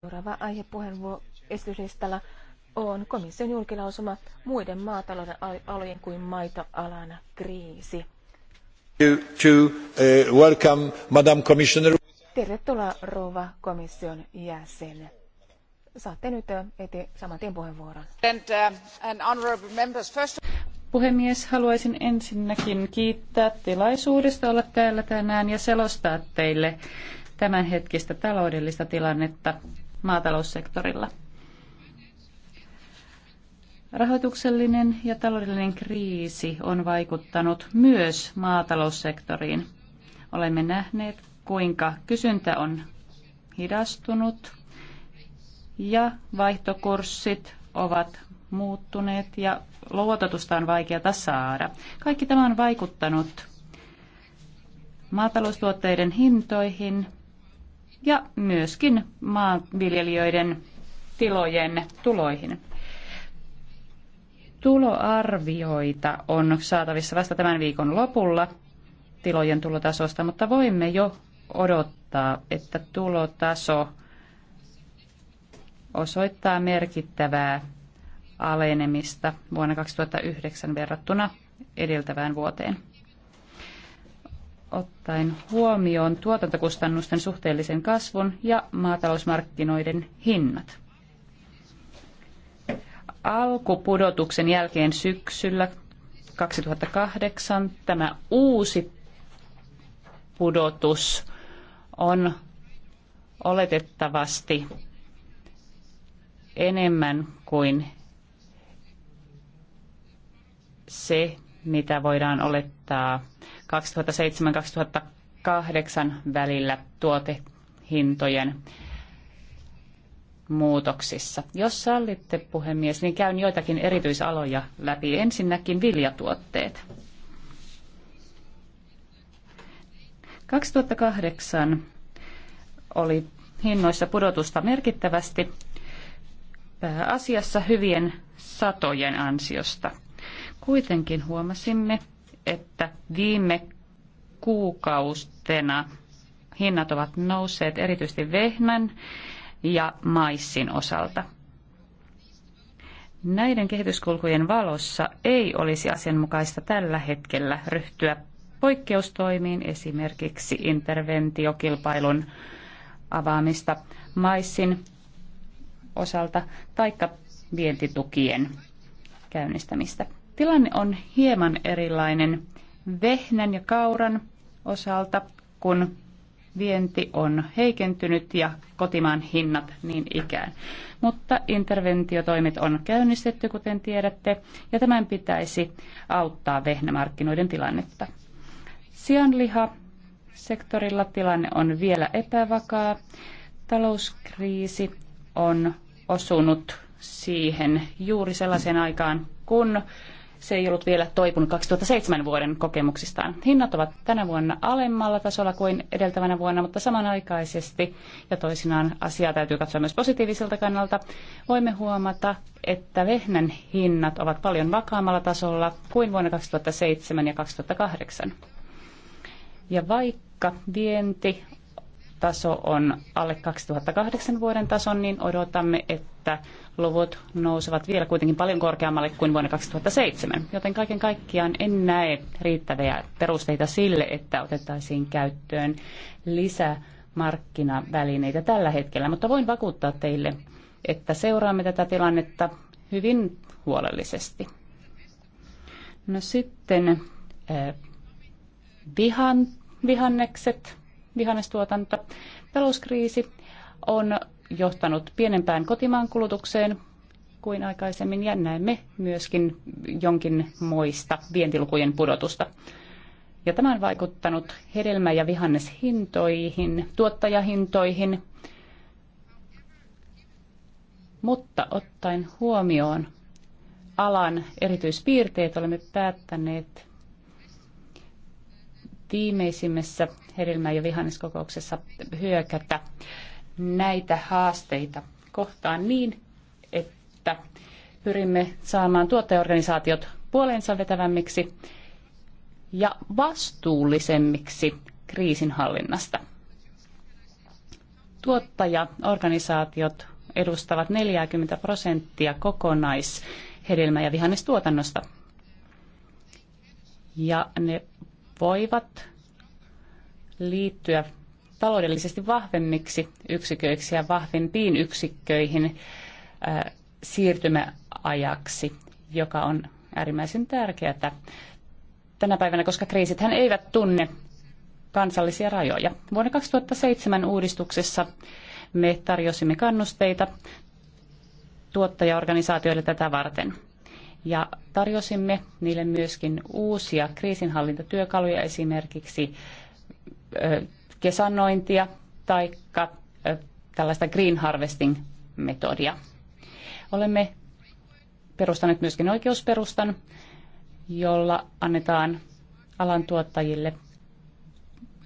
Seuraava aihe esityslistalla on komission julkilausuma muiden maatalouden alojen kuin maitoalana kriisi. To, uh, welcome, Madam Commissioner. Tervetuloa rouva komission jäsen. Saatte nyt uh, eti saman tien puheenvuoron. And, uh, and honorable members, first... Puhemies, haluaisin ensinnäkin kiittää tilaisuudesta olla täällä tänään ja selostaa teille tämänhetkistä taloudellista tilannetta maataloussektorilla. Rahoituksellinen ja taloudellinen kriisi on vaikuttanut myös maataloussektoriin. Olemme nähneet, kuinka kysyntä on hidastunut ja vaihtokurssit ovat muuttuneet ja luototusta on vaikeata saada. Kaikki tämä on vaikuttanut maataloustuotteiden hintoihin ja myöskin maanviljelijöiden tilojen tuloihin. Tuloarvioita on saatavissa vasta tämän viikon lopulla tilojen tulotasosta, mutta voimme jo odottaa, että tulotaso osoittaa merkittävää alenemista vuonna 2009 verrattuna edeltävään vuoteen ottaen huomioon tuotantokustannusten suhteellisen kasvun ja maatalousmarkkinoiden hinnat. Alkupudotuksen jälkeen syksyllä 2008 tämä uusi pudotus on oletettavasti enemmän kuin se, mitä voidaan olettaa 2007-2008 välillä tuotehintojen muutoksissa. Jos sallitte, puhemies, niin käyn joitakin erityisaloja läpi. Ensinnäkin viljatuotteet. 2008 oli hinnoissa pudotusta merkittävästi pääasiassa hyvien satojen ansiosta – Kuitenkin huomasimme, että viime kuukaustena hinnat ovat nousseet erityisesti vehnän ja maissin osalta. Näiden kehityskulkujen valossa ei olisi asianmukaista tällä hetkellä ryhtyä poikkeustoimiin, esimerkiksi interventiokilpailun avaamista maissin osalta taikka vientitukien käynnistämistä. Tilanne on hieman erilainen vehnän ja kauran osalta, kun vienti on heikentynyt ja kotimaan hinnat niin ikään. Mutta interventiotoimet on käynnistetty, kuten tiedätte, ja tämän pitäisi auttaa vehnämarkkinoiden tilannetta. Sianliha sektorilla tilanne on vielä epävakaa. Talouskriisi on osunut siihen juuri sellaisen aikaan, kun se ei ollut vielä toipunut 2007 vuoden kokemuksistaan. Hinnat ovat tänä vuonna alemmalla tasolla kuin edeltävänä vuonna, mutta samanaikaisesti, ja toisinaan asiaa täytyy katsoa myös positiiviselta kannalta, voimme huomata, että vehnän hinnat ovat paljon vakaammalla tasolla kuin vuonna 2007 ja 2008. Ja vaikka vienti taso on alle 2008 vuoden tason, niin odotamme, että luvut nousevat vielä kuitenkin paljon korkeammalle kuin vuonna 2007. Joten kaiken kaikkiaan en näe riittäviä perusteita sille, että otettaisiin käyttöön lisämarkkinavälineitä tällä hetkellä. Mutta voin vakuuttaa teille, että seuraamme tätä tilannetta hyvin huolellisesti. No sitten eh, vihan, vihannekset vihannestuotanto. Talouskriisi on johtanut pienempään kotimaan kulutukseen kuin aikaisemmin ja näemme myöskin jonkin moista vientilukujen pudotusta. Ja tämä on vaikuttanut hedelmä- ja vihanneshintoihin, tuottajahintoihin, mutta ottaen huomioon alan erityispiirteet olemme päättäneet viimeisimmässä hedelmä- ja vihanneskokouksessa hyökätä näitä haasteita kohtaan niin, että pyrimme saamaan tuottajaorganisaatiot puoleensa vetävämmiksi ja vastuullisemmiksi kriisinhallinnasta. Tuottajaorganisaatiot edustavat 40 prosenttia kokonaishedelmä- ja vihannestuotannosta. Ja ne voivat liittyä taloudellisesti vahvemmiksi yksiköiksi ja vahvempiin yksikköihin siirtymäajaksi, joka on äärimmäisen tärkeää tänä päivänä, koska kriisithän eivät tunne kansallisia rajoja. Vuonna 2007 uudistuksessa me tarjosimme kannusteita tuottajaorganisaatioille tätä varten ja tarjosimme niille myöskin uusia kriisinhallintatyökaluja, esimerkiksi kesannointia tai tällaista green harvesting-metodia. Olemme perustaneet myöskin oikeusperustan, jolla annetaan alan tuottajille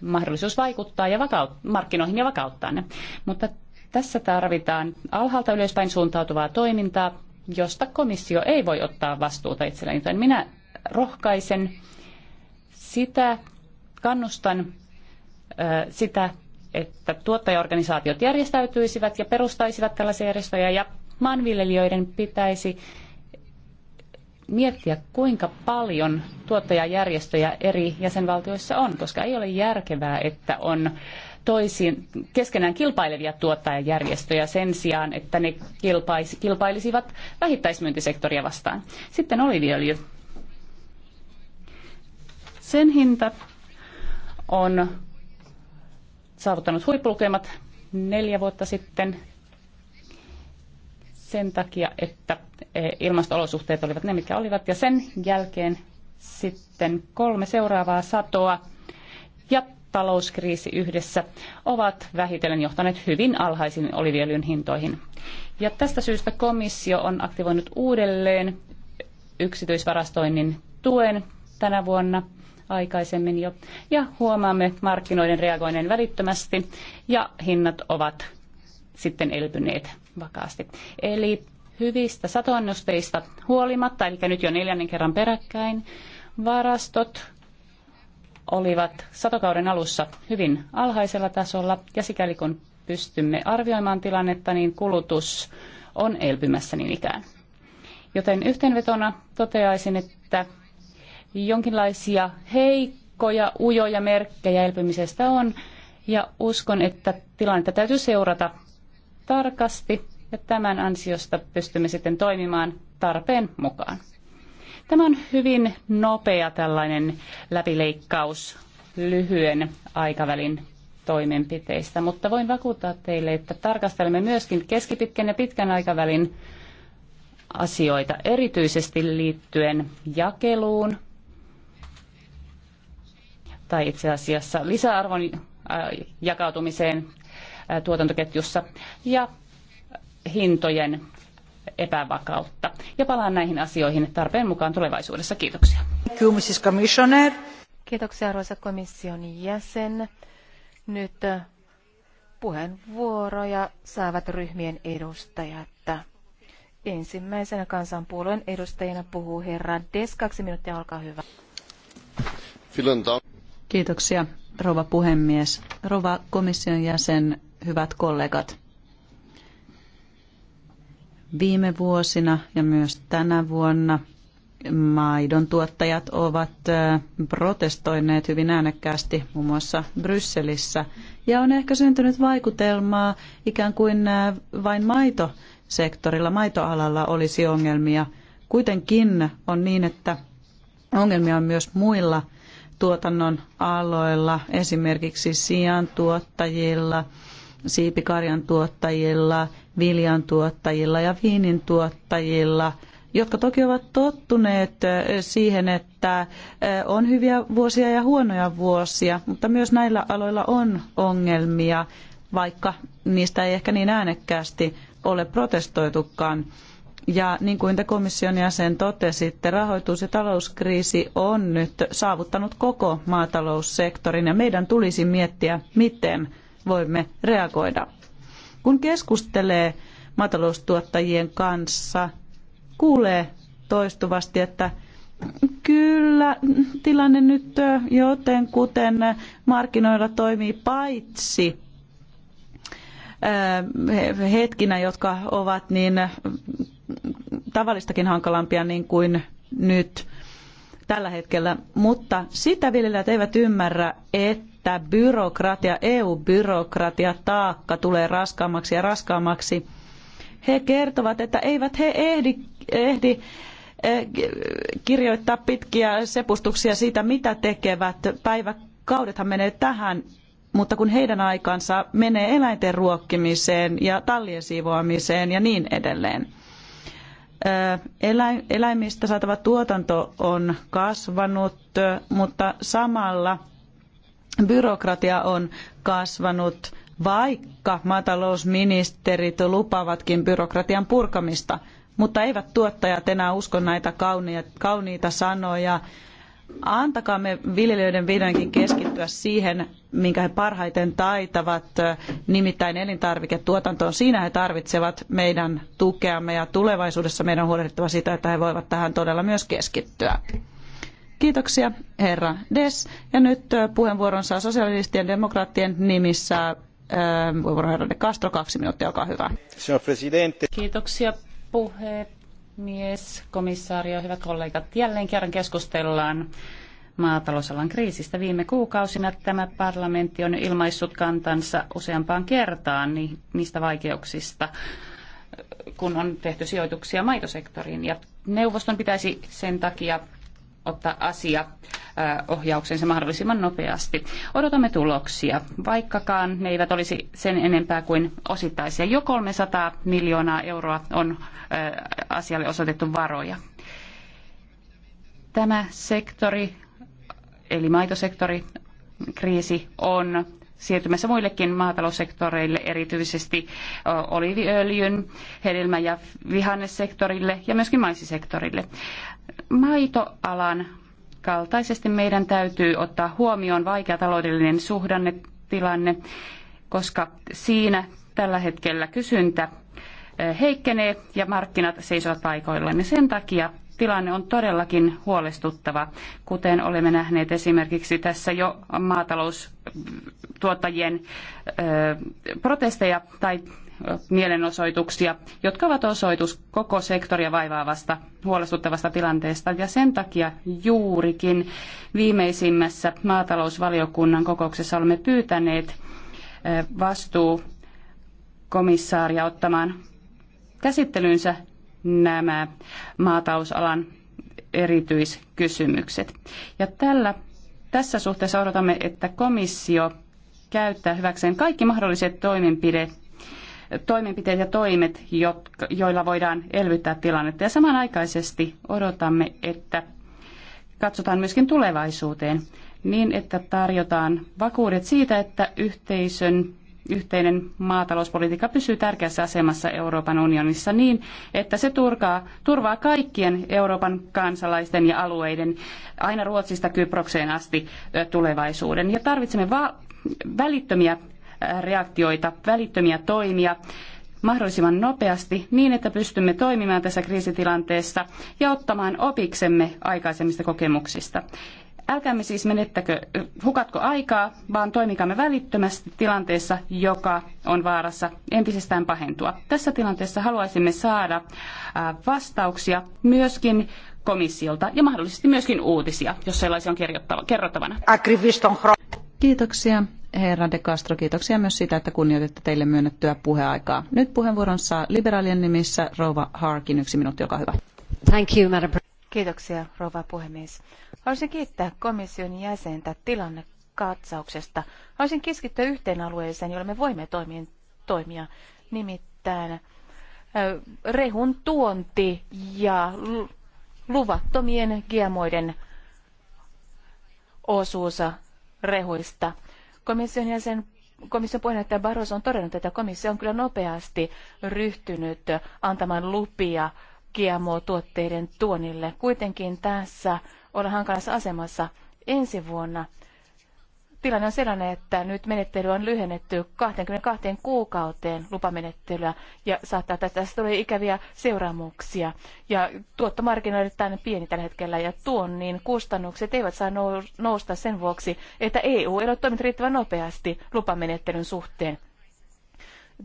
mahdollisuus vaikuttaa ja vakaut- markkinoihin ja vakauttaa ne. Mutta tässä tarvitaan alhaalta ylöspäin suuntautuvaa toimintaa josta komissio ei voi ottaa vastuuta itselleen. Joten minä rohkaisen sitä, kannustan sitä, että tuottajaorganisaatiot järjestäytyisivät ja perustaisivat tällaisia järjestöjä ja maanviljelijöiden pitäisi miettiä, kuinka paljon tuottajajärjestöjä eri jäsenvaltioissa on, koska ei ole järkevää, että on toisiin, keskenään kilpailevia tuottajajärjestöjä sen sijaan, että ne kilpaisi, kilpailisivat vähittäismyyntisektoria vastaan. Sitten oliviöljy. Sen hinta on saavuttanut huippulukemat neljä vuotta sitten sen takia, että e, ilmastoolosuhteet olivat ne, mitkä olivat, ja sen jälkeen sitten kolme seuraavaa satoa ja talouskriisi yhdessä ovat vähitellen johtaneet hyvin alhaisiin oliviöljyn hintoihin. Ja tästä syystä komissio on aktivoinut uudelleen yksityisvarastoinnin tuen tänä vuonna aikaisemmin jo. Ja huomaamme markkinoiden reagoineen välittömästi ja hinnat ovat sitten elpyneet vakaasti. Eli hyvistä satoannosteista huolimatta, eli nyt jo neljännen kerran peräkkäin, varastot olivat satokauden alussa hyvin alhaisella tasolla ja sikäli kun pystymme arvioimaan tilannetta, niin kulutus on elpymässä niin ikään. Joten yhteenvetona toteaisin, että jonkinlaisia heikkoja, ujoja merkkejä elpymisestä on, ja uskon, että tilannetta täytyy seurata tarkasti, ja tämän ansiosta pystymme sitten toimimaan tarpeen mukaan. Tämä on hyvin nopea tällainen läpileikkaus lyhyen aikavälin toimenpiteistä, mutta voin vakuuttaa teille, että tarkastelemme myöskin keskipitkän ja pitkän aikavälin asioita, erityisesti liittyen jakeluun tai itse asiassa lisäarvon äh, jakautumiseen äh, tuotantoketjussa ja hintojen epävakautta. Ja palaan näihin asioihin tarpeen mukaan tulevaisuudessa. Kiitoksia. Kiitoksia arvoisa komission jäsen. Nyt äh, puheenvuoroja saavat ryhmien edustajat. Ensimmäisenä kansanpuolueen edustajana puhuu herra Des. Kaksi minuuttia, olkaa hyvä. Kiitoksia, rouva puhemies. Rouva komission jäsen, hyvät kollegat. Viime vuosina ja myös tänä vuonna maidon tuottajat ovat protestoineet hyvin äänekkäästi muun muassa Brysselissä. Ja on ehkä syntynyt vaikutelmaa ikään kuin vain maitosektorilla, maitoalalla olisi ongelmia. Kuitenkin on niin, että ongelmia on myös muilla tuotannon aloilla, esimerkiksi siantuottajilla tuottajilla siipikarjan tuottajilla, viljan tuottajilla ja viinin tuottajilla, jotka toki ovat tottuneet siihen, että on hyviä vuosia ja huonoja vuosia, mutta myös näillä aloilla on ongelmia, vaikka niistä ei ehkä niin äänekkäästi ole protestoitukaan. Ja niin kuin te komission jäsen totesitte, rahoitus- ja talouskriisi on nyt saavuttanut koko maataloussektorin ja meidän tulisi miettiä, miten voimme reagoida. Kun keskustelee maataloustuottajien kanssa, kuulee toistuvasti, että Kyllä, tilanne nyt joten kuten markkinoilla toimii paitsi hetkinä, jotka ovat niin tavallistakin hankalampia niin kuin nyt, tällä hetkellä, mutta sitä viljelijät eivät ymmärrä, että byrokratia, EU-byrokratia taakka tulee raskaammaksi ja raskaammaksi. He kertovat, että eivät he ehdi, ehdi eh, kirjoittaa pitkiä sepustuksia siitä, mitä tekevät. Päiväkaudethan menee tähän, mutta kun heidän aikansa menee eläinten ruokkimiseen ja tallien siivoamiseen ja niin edelleen eläimistä saatava tuotanto on kasvanut, mutta samalla byrokratia on kasvanut, vaikka maatalousministerit lupavatkin byrokratian purkamista. Mutta eivät tuottajat enää usko näitä kauniita sanoja antakaamme viljelijöiden vihdoinkin keskittyä siihen, minkä he parhaiten taitavat, nimittäin elintarviketuotantoon. Siinä he tarvitsevat meidän tukeamme ja tulevaisuudessa meidän on huolehdittava sitä, että he voivat tähän todella myös keskittyä. Kiitoksia, herra Des. Ja nyt puheenvuoron saa sosialistien demokraattien nimissä puheenvuoron herra De Castro. Kaksi minuuttia, olkaa hyvä. Kiitoksia, puhe, Mies, komissaario, hyvät kollegat. Jälleen kerran keskustellaan maatalousalan kriisistä. Viime kuukausina tämä parlamentti on ilmaissut kantansa useampaan kertaan niistä vaikeuksista, kun on tehty sijoituksia maitosektoriin. Ja neuvoston pitäisi sen takia ottaa asia ohjauksensa mahdollisimman nopeasti. Odotamme tuloksia, vaikkakaan ne eivät olisi sen enempää kuin osittaisia. Jo 300 miljoonaa euroa on asialle osoitettu varoja. Tämä sektori, eli maitosektori, kriisi on siirtymässä muillekin maataloussektoreille, erityisesti oliiviöljyn, hedelmä- ja vihannesektorille ja myöskin maisisektorille maitoalan kaltaisesti meidän täytyy ottaa huomioon vaikea taloudellinen suhdannetilanne, koska siinä tällä hetkellä kysyntä eh, heikkenee ja markkinat seisovat paikoillaan. Sen takia tilanne on todellakin huolestuttava, kuten olemme nähneet esimerkiksi tässä jo maataloustuottajien eh, protesteja tai mielenosoituksia, jotka ovat osoitus koko sektoria vaivaavasta huolestuttavasta tilanteesta. Ja sen takia juurikin viimeisimmässä maatalousvaliokunnan kokouksessa olemme pyytäneet eh, vastuukomissaaria ottamaan käsittelyynsä nämä maatalousalan erityiskysymykset. Ja tällä, tässä suhteessa odotamme, että komissio käyttää hyväkseen kaikki mahdolliset toimenpide toimenpiteet ja toimet, jotka, joilla voidaan elvyttää tilannetta. Ja samanaikaisesti odotamme, että katsotaan myöskin tulevaisuuteen niin, että tarjotaan vakuudet siitä, että yhteisön yhteinen maatalouspolitiikka pysyy tärkeässä asemassa Euroopan unionissa niin, että se turkaa, turvaa kaikkien Euroopan kansalaisten ja alueiden aina Ruotsista Kyprokseen asti tulevaisuuden. Ja tarvitsemme välittömiä reaktioita, välittömiä toimia mahdollisimman nopeasti niin, että pystymme toimimaan tässä kriisitilanteessa ja ottamaan opiksemme aikaisemmista kokemuksista. Älkäämme siis menettäkö, hukatko aikaa, vaan toimikamme välittömästi tilanteessa, joka on vaarassa entisestään pahentua. Tässä tilanteessa haluaisimme saada vastauksia myöskin komissiolta ja mahdollisesti myöskin uutisia, jos sellaisia on kerrottavana. Kiitoksia herra De Castro, kiitoksia myös siitä, että kunnioitatte teille myönnettyä puheaikaa. Nyt puheenvuoron saa liberaalien nimissä rouva Harkin. Yksi minuutti, olkaa hyvä. Thank you, Madam Kiitoksia, rouva puhemies. Haluaisin kiittää komission jäsentä tilannekatsauksesta. Haluaisin keskittyä yhteen alueeseen, jolla me voimme toimia, toimia nimittäin rehun tuonti ja luvattomien giemoiden osuus rehuista. Komission jäsen komission puheenjohtaja Barros on todennut, että komissio on kyllä nopeasti ryhtynyt antamaan lupia GMO-tuotteiden tuonille. Kuitenkin tässä ollaan hankalassa asemassa ensi vuonna tilanne on sellainen, että nyt menettely on lyhennetty 22 kuukauteen lupamenettelyä ja saattaa, että tästä tulee ikäviä seuraamuksia. Ja tuottomarkkinoille tänne pieni tällä hetkellä ja tuon niin kustannukset eivät saa nousta sen vuoksi, että EU ei ole toiminut riittävän nopeasti lupamenettelyn suhteen.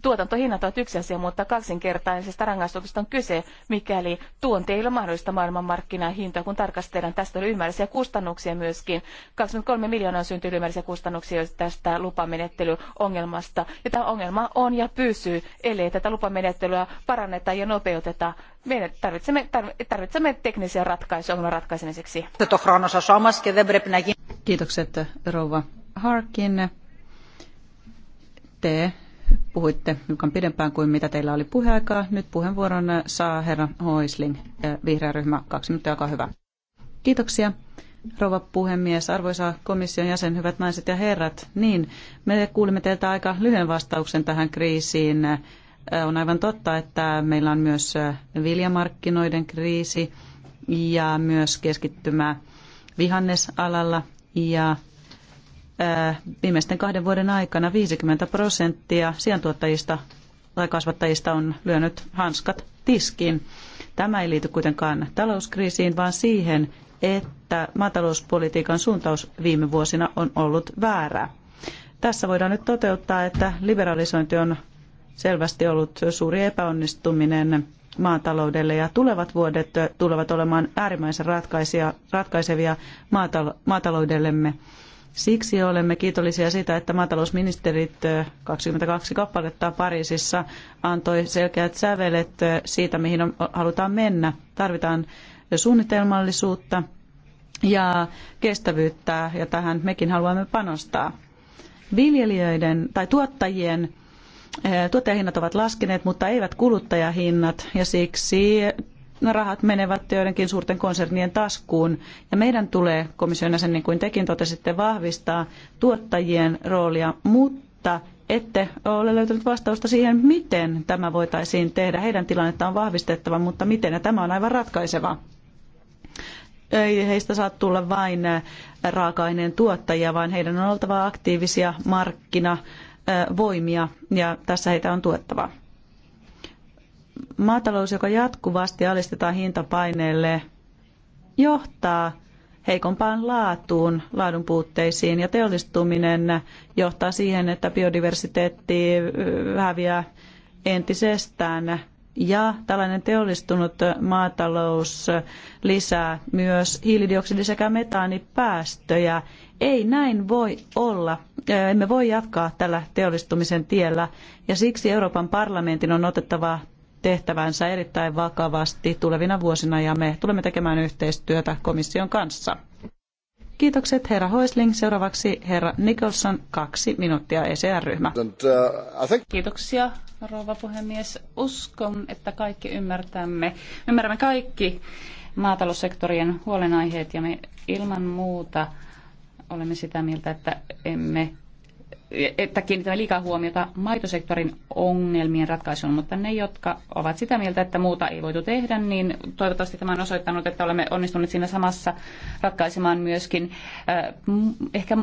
Tuotantohinnat ovat yksi asia, mutta kaksinkertaisesta rangaistuksesta on kyse, mikäli tuonti ei ole mahdollista maailmanmarkkinahintaa, kun tarkastellaan tästä oli ylimääräisiä kustannuksia myöskin. 23 miljoonaa syntynyt ylimääräisiä kustannuksia tästä lupamenettelyongelmasta. Ja tämä ongelma on ja pysyy, ellei tätä lupamenettelyä paranneta ja nopeuteta. Me tarvitsemme, tarvitsemme teknisiä ratkaisuja ongelman ratkaisemiseksi. Kiitokset rouva Harkin. Te puhuitte hiukan pidempään kuin mitä teillä oli puheaikaa. Nyt puheenvuoron saa herra Hoisling, eh, vihreä ryhmä. Kaksi minuuttia, olkaa hyvä. Kiitoksia. Rouva puhemies, arvoisa komission jäsen, hyvät naiset ja herrat, niin me kuulimme teiltä aika lyhyen vastauksen tähän kriisiin. Eh, on aivan totta, että meillä on myös eh, viljamarkkinoiden kriisi ja myös keskittymä vihannesalalla ja viimeisten kahden vuoden aikana 50 prosenttia siantuottajista tai kasvattajista on lyönyt hanskat tiskiin. Tämä ei liity kuitenkaan talouskriisiin, vaan siihen, että maatalouspolitiikan suuntaus viime vuosina on ollut väärä. Tässä voidaan nyt toteuttaa, että liberalisointi on selvästi ollut suuri epäonnistuminen maataloudelle ja tulevat vuodet tulevat olemaan äärimmäisen ratkaisevia maataloudellemme Siksi olemme kiitollisia siitä, että maatalousministerit 22 kappaletta Pariisissa antoi selkeät sävelet siitä, mihin halutaan mennä. Tarvitaan suunnitelmallisuutta ja kestävyyttä, ja tähän mekin haluamme panostaa. Viljelijöiden tai tuottajien Tuottajahinnat ovat laskeneet, mutta eivät kuluttajahinnat, ja siksi No, rahat menevät joidenkin suurten konsernien taskuun. Ja meidän tulee komission jäsen, niin kuin tekin totesitte, vahvistaa tuottajien roolia, mutta ette ole löytänyt vastausta siihen, miten tämä voitaisiin tehdä. Heidän tilannetta on vahvistettava, mutta miten, ja tämä on aivan ratkaiseva. Ei heistä saa tulla vain äh, raaka-aineen tuottajia, vaan heidän on oltava aktiivisia markkinavoimia, äh, ja tässä heitä on tuettava maatalous, joka jatkuvasti alistetaan hintapaineelle, johtaa heikompaan laatuun, laadun puutteisiin ja teollistuminen johtaa siihen, että biodiversiteetti häviää entisestään ja tällainen teollistunut maatalous lisää myös hiilidioksidi- sekä metaanipäästöjä. Ei näin voi olla. Emme voi jatkaa tällä teollistumisen tiellä ja siksi Euroopan parlamentin on otettava tehtävänsä erittäin vakavasti tulevina vuosina ja me tulemme tekemään yhteistyötä komission kanssa. Kiitokset herra Hoisling. Seuraavaksi herra Nicholson, kaksi minuuttia ECR-ryhmä. Kiitoksia rouva puhemies. Uskon, että kaikki ymmärtämme. Ymmärrämme kaikki maataloussektorien huolenaiheet ja me ilman muuta olemme sitä mieltä, että emme että kiinnitämme liikaa huomiota maitosektorin ongelmien ratkaisuun, mutta ne, jotka ovat sitä mieltä, että muuta ei voitu tehdä, niin toivottavasti tämä on osoittanut, että olemme onnistuneet siinä samassa ratkaisemaan myöskin äh, ehkä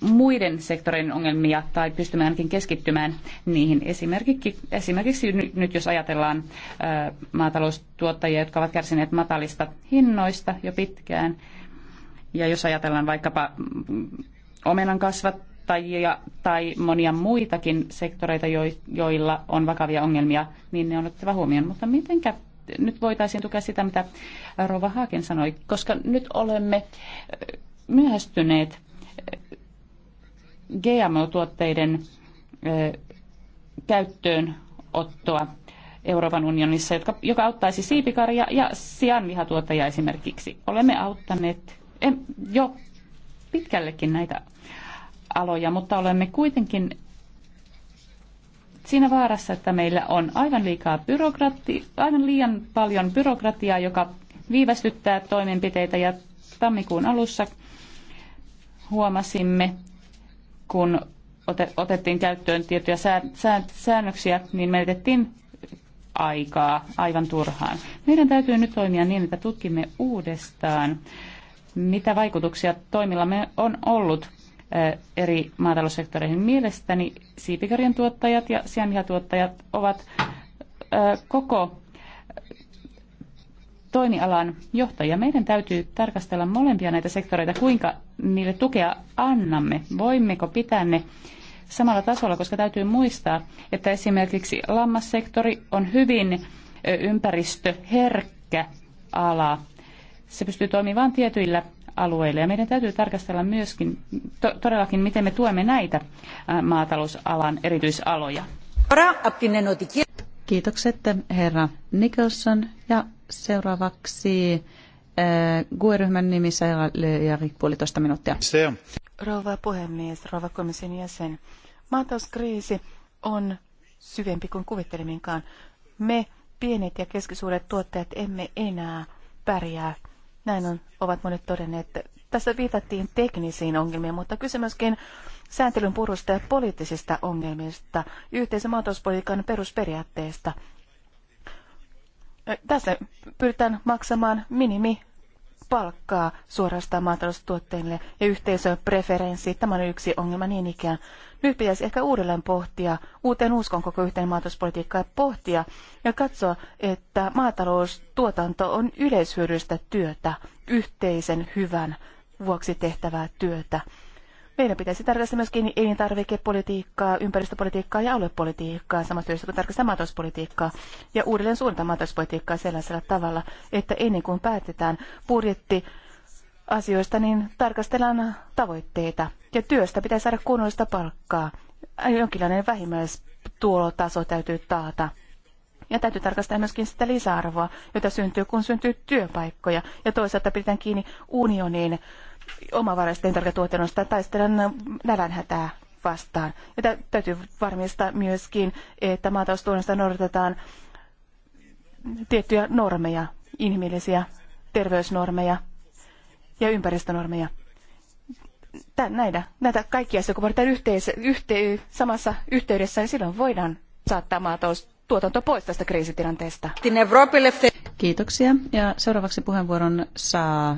muiden sektorin ongelmia tai pystymme ainakin keskittymään niihin. Esimerkiksi, esimerkiksi nyt jos ajatellaan äh, maataloustuottajia, jotka ovat kärsineet matalista hinnoista jo pitkään, ja jos ajatellaan vaikkapa omenan kasvattajia tai monia muitakin sektoreita, joilla on vakavia ongelmia, niin ne on otettava huomioon. Mutta mitenkä nyt voitaisiin tukea sitä, mitä Rova Haaken sanoi, koska nyt olemme myöhästyneet GMO-tuotteiden käyttöön ottoa Euroopan unionissa, jotka, joka auttaisi siipikarja- ja sianlihatuottajia esimerkiksi. Olemme auttaneet jo pitkällekin näitä aloja, mutta olemme kuitenkin siinä vaarassa, että meillä on aivan, liikaa byrokrati, aivan liian paljon byrokratiaa, joka viivästyttää toimenpiteitä ja tammikuun alussa huomasimme, kun otettiin käyttöön tiettyjä säännöksiä, niin menetettiin aikaa aivan turhaan. Meidän täytyy nyt toimia niin, että tutkimme uudestaan mitä vaikutuksia toimillamme on ollut eh, eri maataloussektoreihin. Mielestäni siipikarjan tuottajat ja sianlihatuottajat ovat eh, koko eh, toimialan johtajia. Meidän täytyy tarkastella molempia näitä sektoreita, kuinka niille tukea annamme. Voimmeko pitää ne samalla tasolla, koska täytyy muistaa, että esimerkiksi lammassektori on hyvin ympäristöherkkä ala se pystyy toimimaan tietyillä alueilla. Ja meidän täytyy tarkastella myöskin to, todellakin, miten me tuemme näitä maatalousalan erityisaloja. Kiitokset herra Nicholson ja seuraavaksi GUE-ryhmän nimissä ja puolitoista minuuttia. Se. Rouva puhemies, rouva komission jäsen. Maatalouskriisi on syvempi kuin kuvitteleminkaan. Me pienet ja keskisuuret tuottajat emme enää pärjää näin on, ovat monet todenneet. Tässä viitattiin teknisiin ongelmiin, mutta kyse myöskin sääntelyn purusta ja poliittisista ongelmista, yhteisen maatalouspolitiikan perusperiaatteesta. Tässä pyritään maksamaan minimi palkkaa suorastaan maataloustuotteille ja preferenssi Tämä on yksi ongelma niin ikään. Nyt pitäisi ehkä uudelleen pohtia, uuteen uskon koko yhteen maatalouspolitiikkaa pohtia ja katsoa, että maataloustuotanto on yleishyödyllistä työtä, yhteisen hyvän vuoksi tehtävää työtä. Meidän pitäisi tarkastella myöskin elintarvikepolitiikkaa, ympäristöpolitiikkaa ja aluepolitiikkaa samassa yhteydessä kuin tarkastella maatalouspolitiikkaa ja uudelleen suunnata maatalouspolitiikkaa sellaisella tavalla, että ennen kuin päätetään budjetti asioista, niin tarkastellaan tavoitteita. Ja työstä pitää saada kunnollista palkkaa. Jonkinlainen vähimmäistulotaso täytyy taata. Ja täytyy tarkastaa myöskin sitä lisäarvoa, jota syntyy, kun syntyy työpaikkoja. Ja toisaalta pidetään kiinni unionin omavaraisten tarkatuotannosta taistellaan äh, nälänhätää vastaan. Ja täytyy varmistaa myöskin, että maataloustuonnosta noudatetaan tiettyjä normeja, inhimillisiä terveysnormeja ja ympäristönormeja. Tän, näitä, näitä kaikkia asioita, kun voidaan yhteis, yhte, samassa yhteydessä, niin silloin voidaan saattaa maataloustuotanto pois tästä kriisitilanteesta. Kiitoksia. Ja seuraavaksi puheenvuoron saa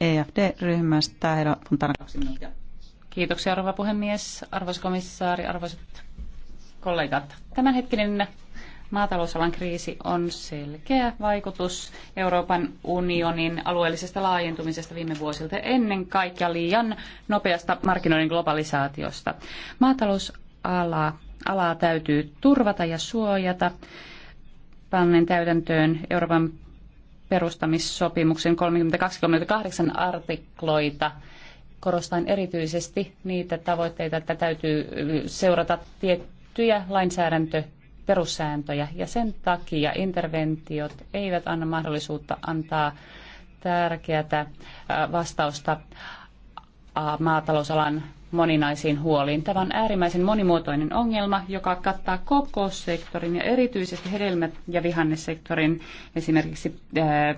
EFD-ryhmästä. Puntana, kaksi minuuttia. Kiitoksia, rouva puhemies, arvoisa komissaari, arvoisat kollegat. Tämänhetkinen maatalousalan kriisi on selkeä vaikutus Euroopan unionin alueellisesta laajentumisesta viime vuosilta ennen kaikkea liian nopeasta markkinoiden globalisaatiosta. Maatalousala alaa täytyy turvata ja suojata pannen täytäntöön Euroopan perustamissopimuksen 32-38 artikloita korostan erityisesti niitä tavoitteita, että täytyy seurata tiettyjä lainsäädäntöperussääntöjä. ja sen takia interventiot eivät anna mahdollisuutta antaa tärkeätä vastausta maatalousalan moninaisiin huoliin. Tämä on äärimmäisen monimuotoinen ongelma, joka kattaa koko sektorin ja erityisesti hedelmät- ja vihannesektorin, esimerkiksi äh,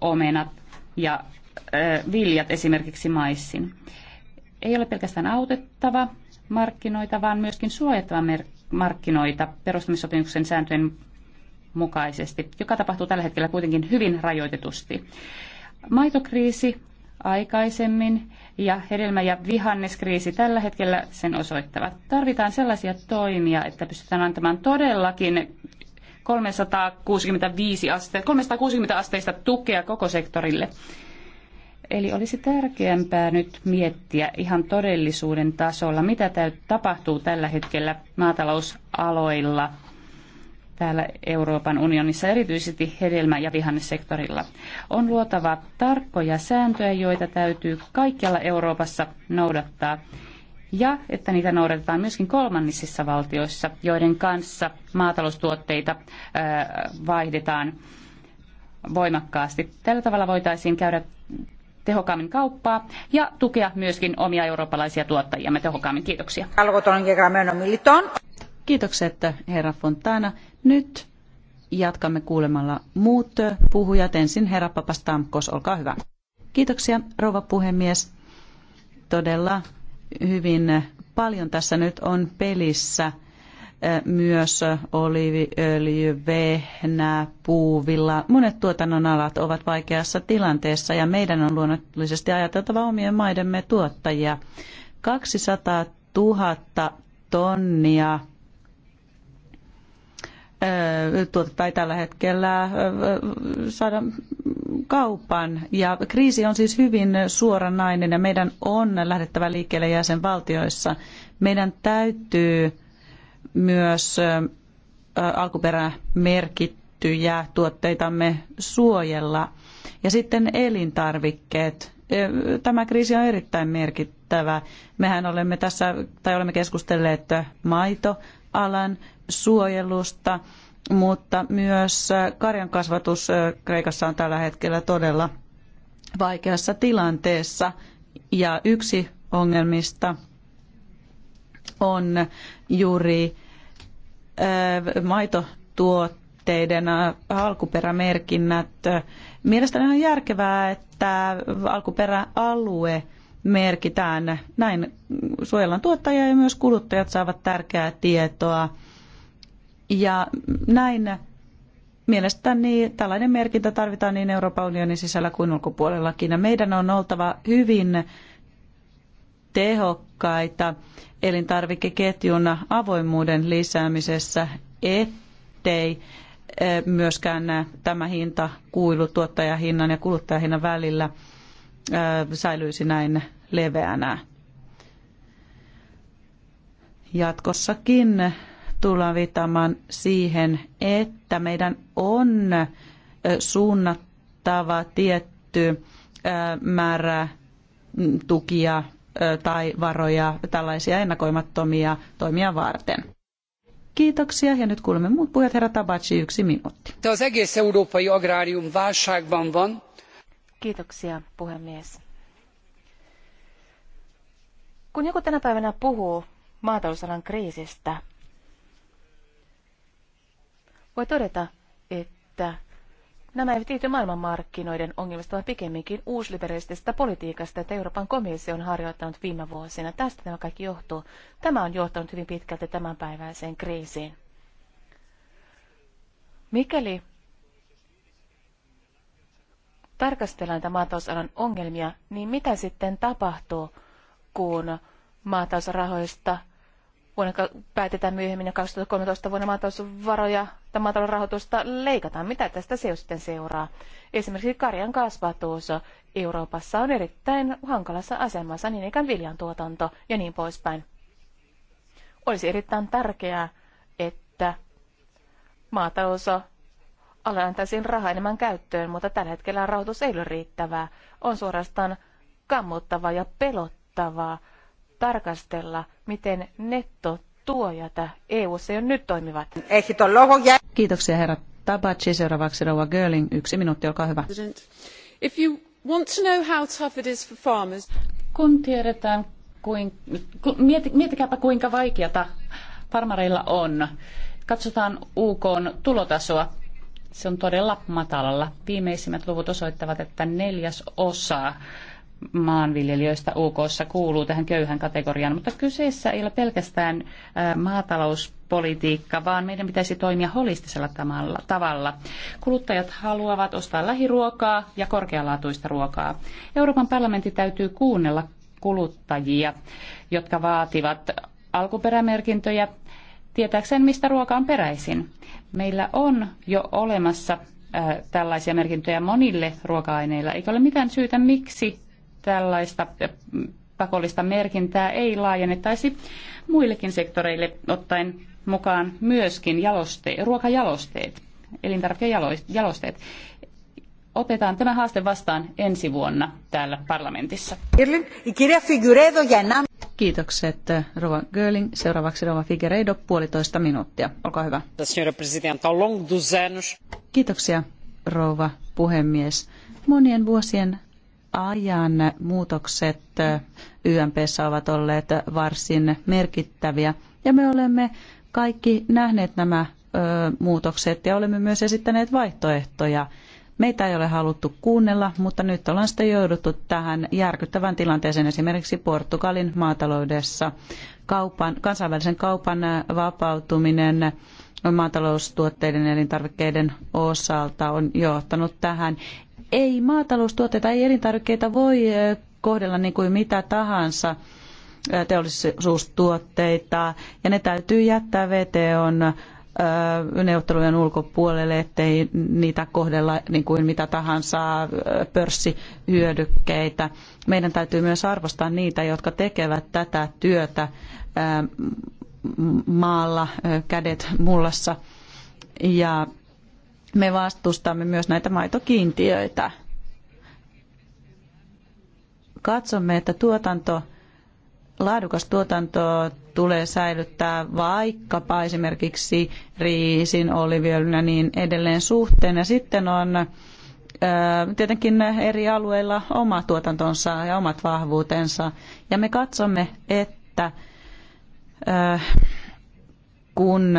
omenat ja äh, viljat, esimerkiksi maissin. Ei ole pelkästään autettava markkinoita, vaan myöskin suojattava markkinoita perustamissopimuksen sääntöjen mukaisesti, joka tapahtuu tällä hetkellä kuitenkin hyvin rajoitetusti. Maitokriisi aikaisemmin ja hedelmä- ja vihanneskriisi tällä hetkellä sen osoittavat. Tarvitaan sellaisia toimia, että pystytään antamaan todellakin 365 aste, 360 asteista tukea koko sektorille. Eli olisi tärkeämpää nyt miettiä ihan todellisuuden tasolla, mitä tapahtuu tällä hetkellä maatalousaloilla – täällä Euroopan unionissa, erityisesti hedelmä- ja vihannesektorilla. On luotava tarkkoja sääntöjä, joita täytyy kaikkialla Euroopassa noudattaa ja että niitä noudatetaan myöskin kolmannisissa valtioissa, joiden kanssa maataloustuotteita vaihdetaan voimakkaasti. Tällä tavalla voitaisiin käydä tehokkaammin kauppaa ja tukea myöskin omia eurooppalaisia tuottajiamme tehokkaammin. Kiitoksia. Kiitokset, herra Fontana. Nyt jatkamme kuulemalla muut puhujat. Ensin herra Papastamkos, olkaa hyvä. Kiitoksia, rouva puhemies. Todella hyvin paljon tässä nyt on pelissä myös oliiviöljy, vehnä, puuvilla. Monet alat ovat vaikeassa tilanteessa ja meidän on luonnollisesti ajateltava omien maidemme tuottajia. 200 000 tonnia tuotetta ei tällä hetkellä saada kaupan. Ja kriisi on siis hyvin suoranainen ja meidän on lähdettävä liikkeelle jäsenvaltioissa. Meidän täytyy myös alkuperämerkittyjä tuotteitamme suojella. Ja sitten elintarvikkeet. Tämä kriisi on erittäin merkittävä. Mehän olemme tässä, tai olemme keskustelleet maitoalan suojelusta, mutta myös karjan kasvatus Kreikassa on tällä hetkellä todella vaikeassa tilanteessa. Ja yksi ongelmista on juuri äh, maitotuotteiden alkuperämerkinnät. Mielestäni on järkevää, että alkuperäalue merkitään. Näin suojellaan tuottajia ja myös kuluttajat saavat tärkeää tietoa ja näin mielestäni tällainen merkintä tarvitaan niin Euroopan unionin sisällä kuin ulkopuolellakin. Ja meidän on oltava hyvin tehokkaita elintarvikeketjun avoimuuden lisäämisessä, ettei eh, myöskään tämä hinta kuilu tuottajahinnan ja kuluttajahinnan välillä eh, säilyisi näin leveänä. Jatkossakin tullaan viittaamaan siihen, että meidän on suunnattava tietty määrä tukia tai varoja tällaisia ennakoimattomia toimia varten. Kiitoksia ja nyt kuulemme muut puhujat. Herra Tabaci, yksi minuutti. van. Kiitoksia puhemies. Kun joku tänä päivänä puhuu maatalousalan kriisistä, voi todeta, että nämä eivät liity maailmanmarkkinoiden ongelmista, vaan pikemminkin uusliberalistisesta politiikasta, että Euroopan komissio on harjoittanut viime vuosina. Tästä tämä kaikki johtuu. Tämä on johtanut hyvin pitkälti tämänpäiväiseen kriisiin. Mikäli tarkastellaan tämän maatalousalan ongelmia, niin mitä sitten tapahtuu, kun maatalousrahoista vuonna päätetään myöhemmin ja 2013 vuonna maatalousvaroja tai maatalouden rahoitusta leikataan. Mitä tästä se sitten seuraa? Esimerkiksi karjan kasvatus Euroopassa on erittäin hankalassa asemassa, niin ikään viljan tuotanto ja niin poispäin. Olisi erittäin tärkeää, että maatalous alle rahaa enemmän käyttöön, mutta tällä hetkellä rahoitus ei ole riittävää. On suorastaan kammottavaa ja pelottavaa tarkastella, miten nettotuojat EU-ssa jo nyt toimivat. Kiitoksia herra Tabaci. Seuraavaksi rouva Görling. Yksi minuutti, olkaa hyvä. Kun tiedetään, kuin, ku, miet, mietikääpä kuinka vaikeata farmareilla on. Katsotaan UK tulotasoa. Se on todella matalalla. Viimeisimmät luvut osoittavat, että neljäs osa maanviljelijöistä UKssa kuuluu tähän köyhän kategoriaan, mutta kyseessä ei ole pelkästään maatalouspolitiikka, vaan meidän pitäisi toimia holistisella tavalla. Kuluttajat haluavat ostaa lähiruokaa ja korkealaatuista ruokaa. Euroopan parlamentti täytyy kuunnella kuluttajia, jotka vaativat alkuperämerkintöjä tietääkseen, mistä ruoka on peräisin. Meillä on jo olemassa tällaisia merkintöjä monille ruoka-aineilla, eikä ole mitään syytä, miksi tällaista pakollista merkintää ei laajennettaisi muillekin sektoreille ottaen mukaan myöskin jaloste, ruokajalosteet, elintarvikejalosteet. Otetaan tämä haaste vastaan ensi vuonna täällä parlamentissa. Kiitokset, Rova Görling. Seuraavaksi Rova Figueiredo, puolitoista minuuttia. Olkaa hyvä. Kiitoksia, rouva puhemies. Monien vuosien ajan muutokset YMPssä ovat olleet varsin merkittäviä ja me olemme kaikki nähneet nämä muutokset ja olemme myös esittäneet vaihtoehtoja. Meitä ei ole haluttu kuunnella, mutta nyt ollaan sitten jouduttu tähän järkyttävään tilanteeseen esimerkiksi Portugalin maataloudessa. Kaupan, kansainvälisen kaupan vapautuminen maataloustuotteiden ja elintarvikkeiden osalta on johtanut tähän ei maataloustuotteita, ei elintarvikkeita voi kohdella niin kuin mitä tahansa teollisuustuotteita ja ne täytyy jättää VTOn neuvottelujen ulkopuolelle, ettei niitä kohdella niin kuin mitä tahansa pörssihyödykkeitä. Meidän täytyy myös arvostaa niitä, jotka tekevät tätä työtä maalla kädet mullassa ja me vastustamme myös näitä maitokiintiöitä. Katsomme, että tuotanto, laadukas tuotanto tulee säilyttää vaikkapa esimerkiksi riisin, oliviöljyn ja niin edelleen suhteen. Ja sitten on tietenkin eri alueilla oma tuotantonsa ja omat vahvuutensa. Ja me katsomme, että kun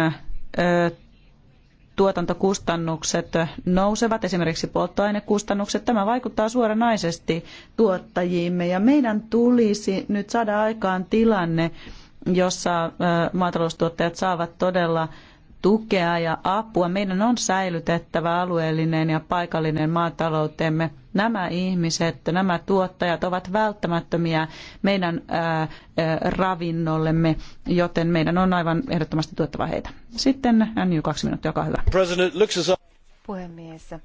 tuotantokustannukset nousevat, esimerkiksi polttoainekustannukset. Tämä vaikuttaa suoranaisesti tuottajiimme ja meidän tulisi nyt saada aikaan tilanne, jossa maataloustuottajat saavat todella tukea ja apua. Meidän on säilytettävä alueellinen ja paikallinen maataloutemme. Nämä ihmiset, nämä tuottajat ovat välttämättömiä meidän ää, ää, ravinnollemme, joten meidän on aivan ehdottomasti tuettava heitä. Sitten NY kaksi minuuttia, joka hyvä. Puhemies,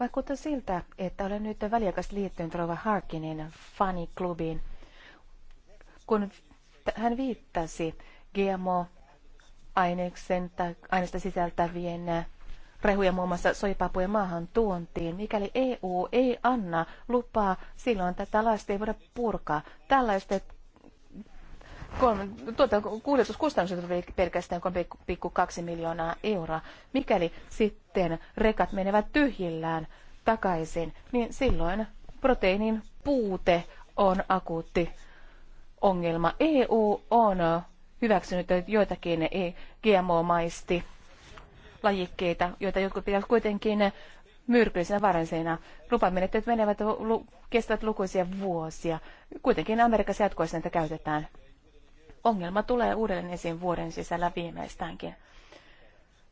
vaikuttaa siltä, että olen nyt väliaikaisesti liittynyt Rova Harkinin faniklubiin, kun hän viittasi GMO aineksen tai aineista sisältävien rehuja muun muassa soipapujen maahan tuontiin. Mikäli EU ei anna lupaa, silloin tätä laista ei voida purkaa. Tällaista tuota, kuljetuskustannukset ovat pelkästään 3,2 miljoonaa euroa. Mikäli sitten rekat menevät tyhjillään takaisin, niin silloin proteiinin puute on akuutti ongelma. EU on hyväksynyt joitakin GMO-maisti lajikkeita, joita jotkut pitävät kuitenkin myrkyllisinä vaarallisina. Lupamenettelyt menevät lu, kestävät lukuisia vuosia. Kuitenkin Amerikassa jatkuvasti näitä käytetään. Ongelma tulee uudelleen esiin vuoden sisällä viimeistäänkin.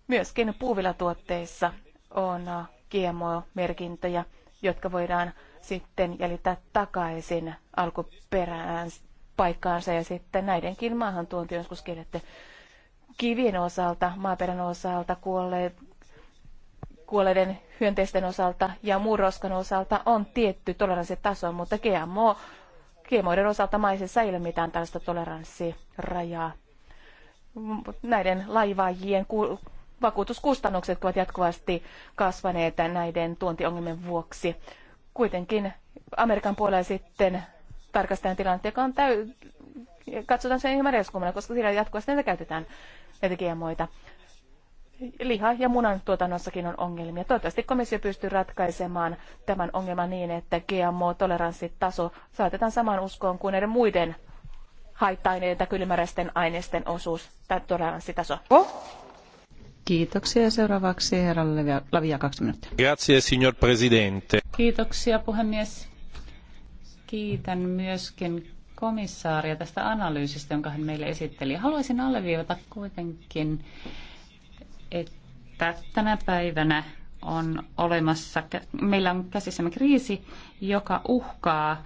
Myöskin puuvilatuotteissa on GMO-merkintöjä, jotka voidaan sitten jäljittää takaisin alkuperään paikkaansa ja sitten näidenkin maahantuonti on joskus kielletty kivien osalta, maaperän osalta, kuolleet, kuolleiden hyönteisten osalta ja muuroskan osalta on tietty toleranssitaso, mutta GMO, GMOiden osalta maisessa ei ole mitään tällaista toleranssirajaa. Näiden laivaajien vakuutuskustannukset ovat jatkuvasti kasvaneet näiden tuontiongelmien vuoksi. Kuitenkin Amerikan puolella sitten tarkastetaan tilannetta, joka on täy- katsotaan sen ihan reskumana, koska siellä jatkuvasti näitä käytetään näitä GMOita. Liha- ja munan tuotannossakin on ongelmia. Toivottavasti komissio pystyy ratkaisemaan tämän ongelman niin, että GMO-toleranssitaso saatetaan samaan uskoon kuin näiden muiden haitta-aineiden tai kylmäräisten aineisten osuus tai toleranssitaso. Kiitoksia. Seuraavaksi herra Lavia, kaksi minuuttia. Grazie, signor Presidente. Kiitoksia, puhemies. Kiitän myöskin komissaaria tästä analyysistä, jonka hän meille esitteli. Haluaisin alleviivata kuitenkin, että tänä päivänä on olemassa, meillä on käsissämme kriisi, joka uhkaa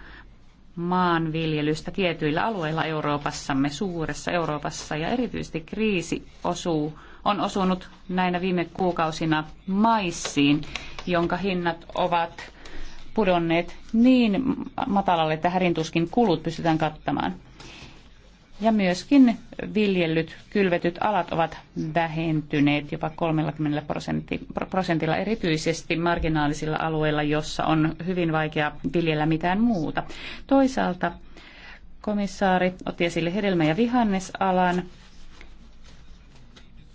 maanviljelystä tietyillä alueilla Euroopassamme, suuressa Euroopassa. Ja erityisesti kriisi osuu, on osunut näinä viime kuukausina maissiin, jonka hinnat ovat pudonneet niin matalalle, että härintuskin kulut pystytään kattamaan. Ja myöskin viljellyt, kylvetyt alat ovat vähentyneet jopa 30 prosentilla, erityisesti marginaalisilla alueilla, jossa on hyvin vaikea viljellä mitään muuta. Toisaalta komissaari otti esille hedelmä- ja vihannesalan,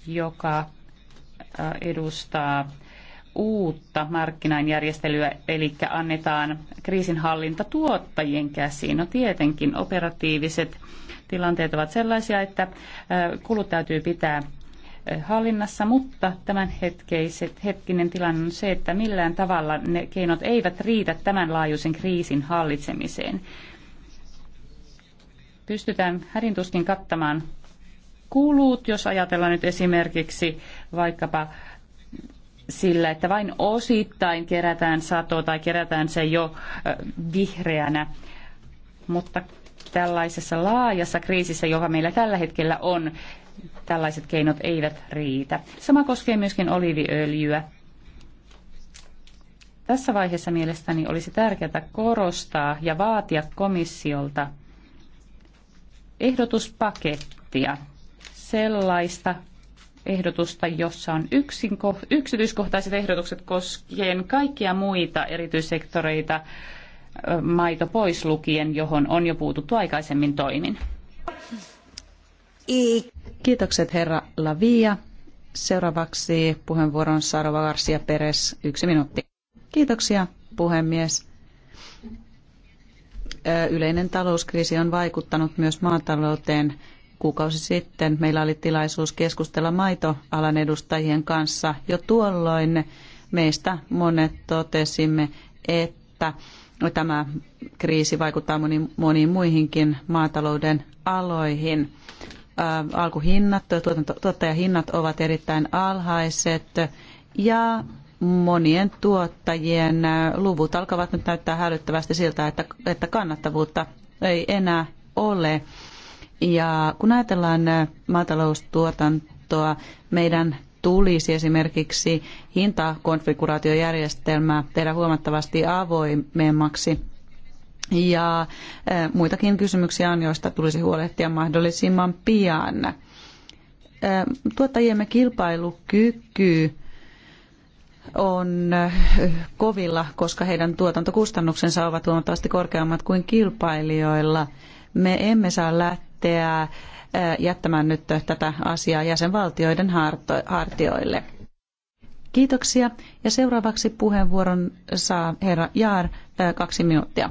joka äh, edustaa uutta markkinainjärjestelyä, eli annetaan kriisinhallinta tuottajien käsiin. No tietenkin operatiiviset tilanteet ovat sellaisia, että kulut täytyy pitää hallinnassa, mutta tämän hetkeiset, hetkinen tilanne on se, että millään tavalla ne keinot eivät riitä tämän laajuisen kriisin hallitsemiseen. Pystytään hädintuskin kattamaan kulut, jos ajatellaan nyt esimerkiksi vaikkapa sillä, että vain osittain kerätään satoa tai kerätään se jo vihreänä. Mutta tällaisessa laajassa kriisissä, joka meillä tällä hetkellä on, tällaiset keinot eivät riitä. Sama koskee myöskin oliiviöljyä. Tässä vaiheessa mielestäni olisi tärkeää korostaa ja vaatia komissiolta ehdotuspakettia, sellaista ehdotusta, jossa on yksin, yksityiskohtaiset ehdotukset koskien kaikkia muita erityissektoreita, maito pois lukien, johon on jo puututtu aikaisemmin toimin. Kiitokset herra Lavia. Seuraavaksi puheenvuoron Sarova Garcia Peres, yksi minuutti. Kiitoksia puhemies. Yleinen talouskriisi on vaikuttanut myös maatalouteen kuukausi sitten meillä oli tilaisuus keskustella maitoalan edustajien kanssa. Jo tuolloin meistä monet totesimme, että tämä kriisi vaikuttaa moniin, moniin muihinkin maatalouden aloihin. Alkuhinnat, tuottajahinnat ovat erittäin alhaiset ja monien tuottajien luvut alkavat nyt näyttää hälyttävästi siltä, että, että kannattavuutta ei enää ole ja kun ajatellaan maataloustuotantoa, meidän tulisi esimerkiksi hintakonfiguraatiojärjestelmää tehdä huomattavasti avoimemmaksi. Ja e, muitakin kysymyksiä on, joista tulisi huolehtia mahdollisimman pian. E, tuottajiemme kilpailukyky on kovilla, koska heidän tuotantokustannuksensa ovat huomattavasti korkeammat kuin kilpailijoilla – me emme saa lähteä jättämään nyt tätä asiaa jäsenvaltioiden hartioille. Kiitoksia. Ja seuraavaksi puheenvuoron saa herra Jaar, kaksi minuuttia.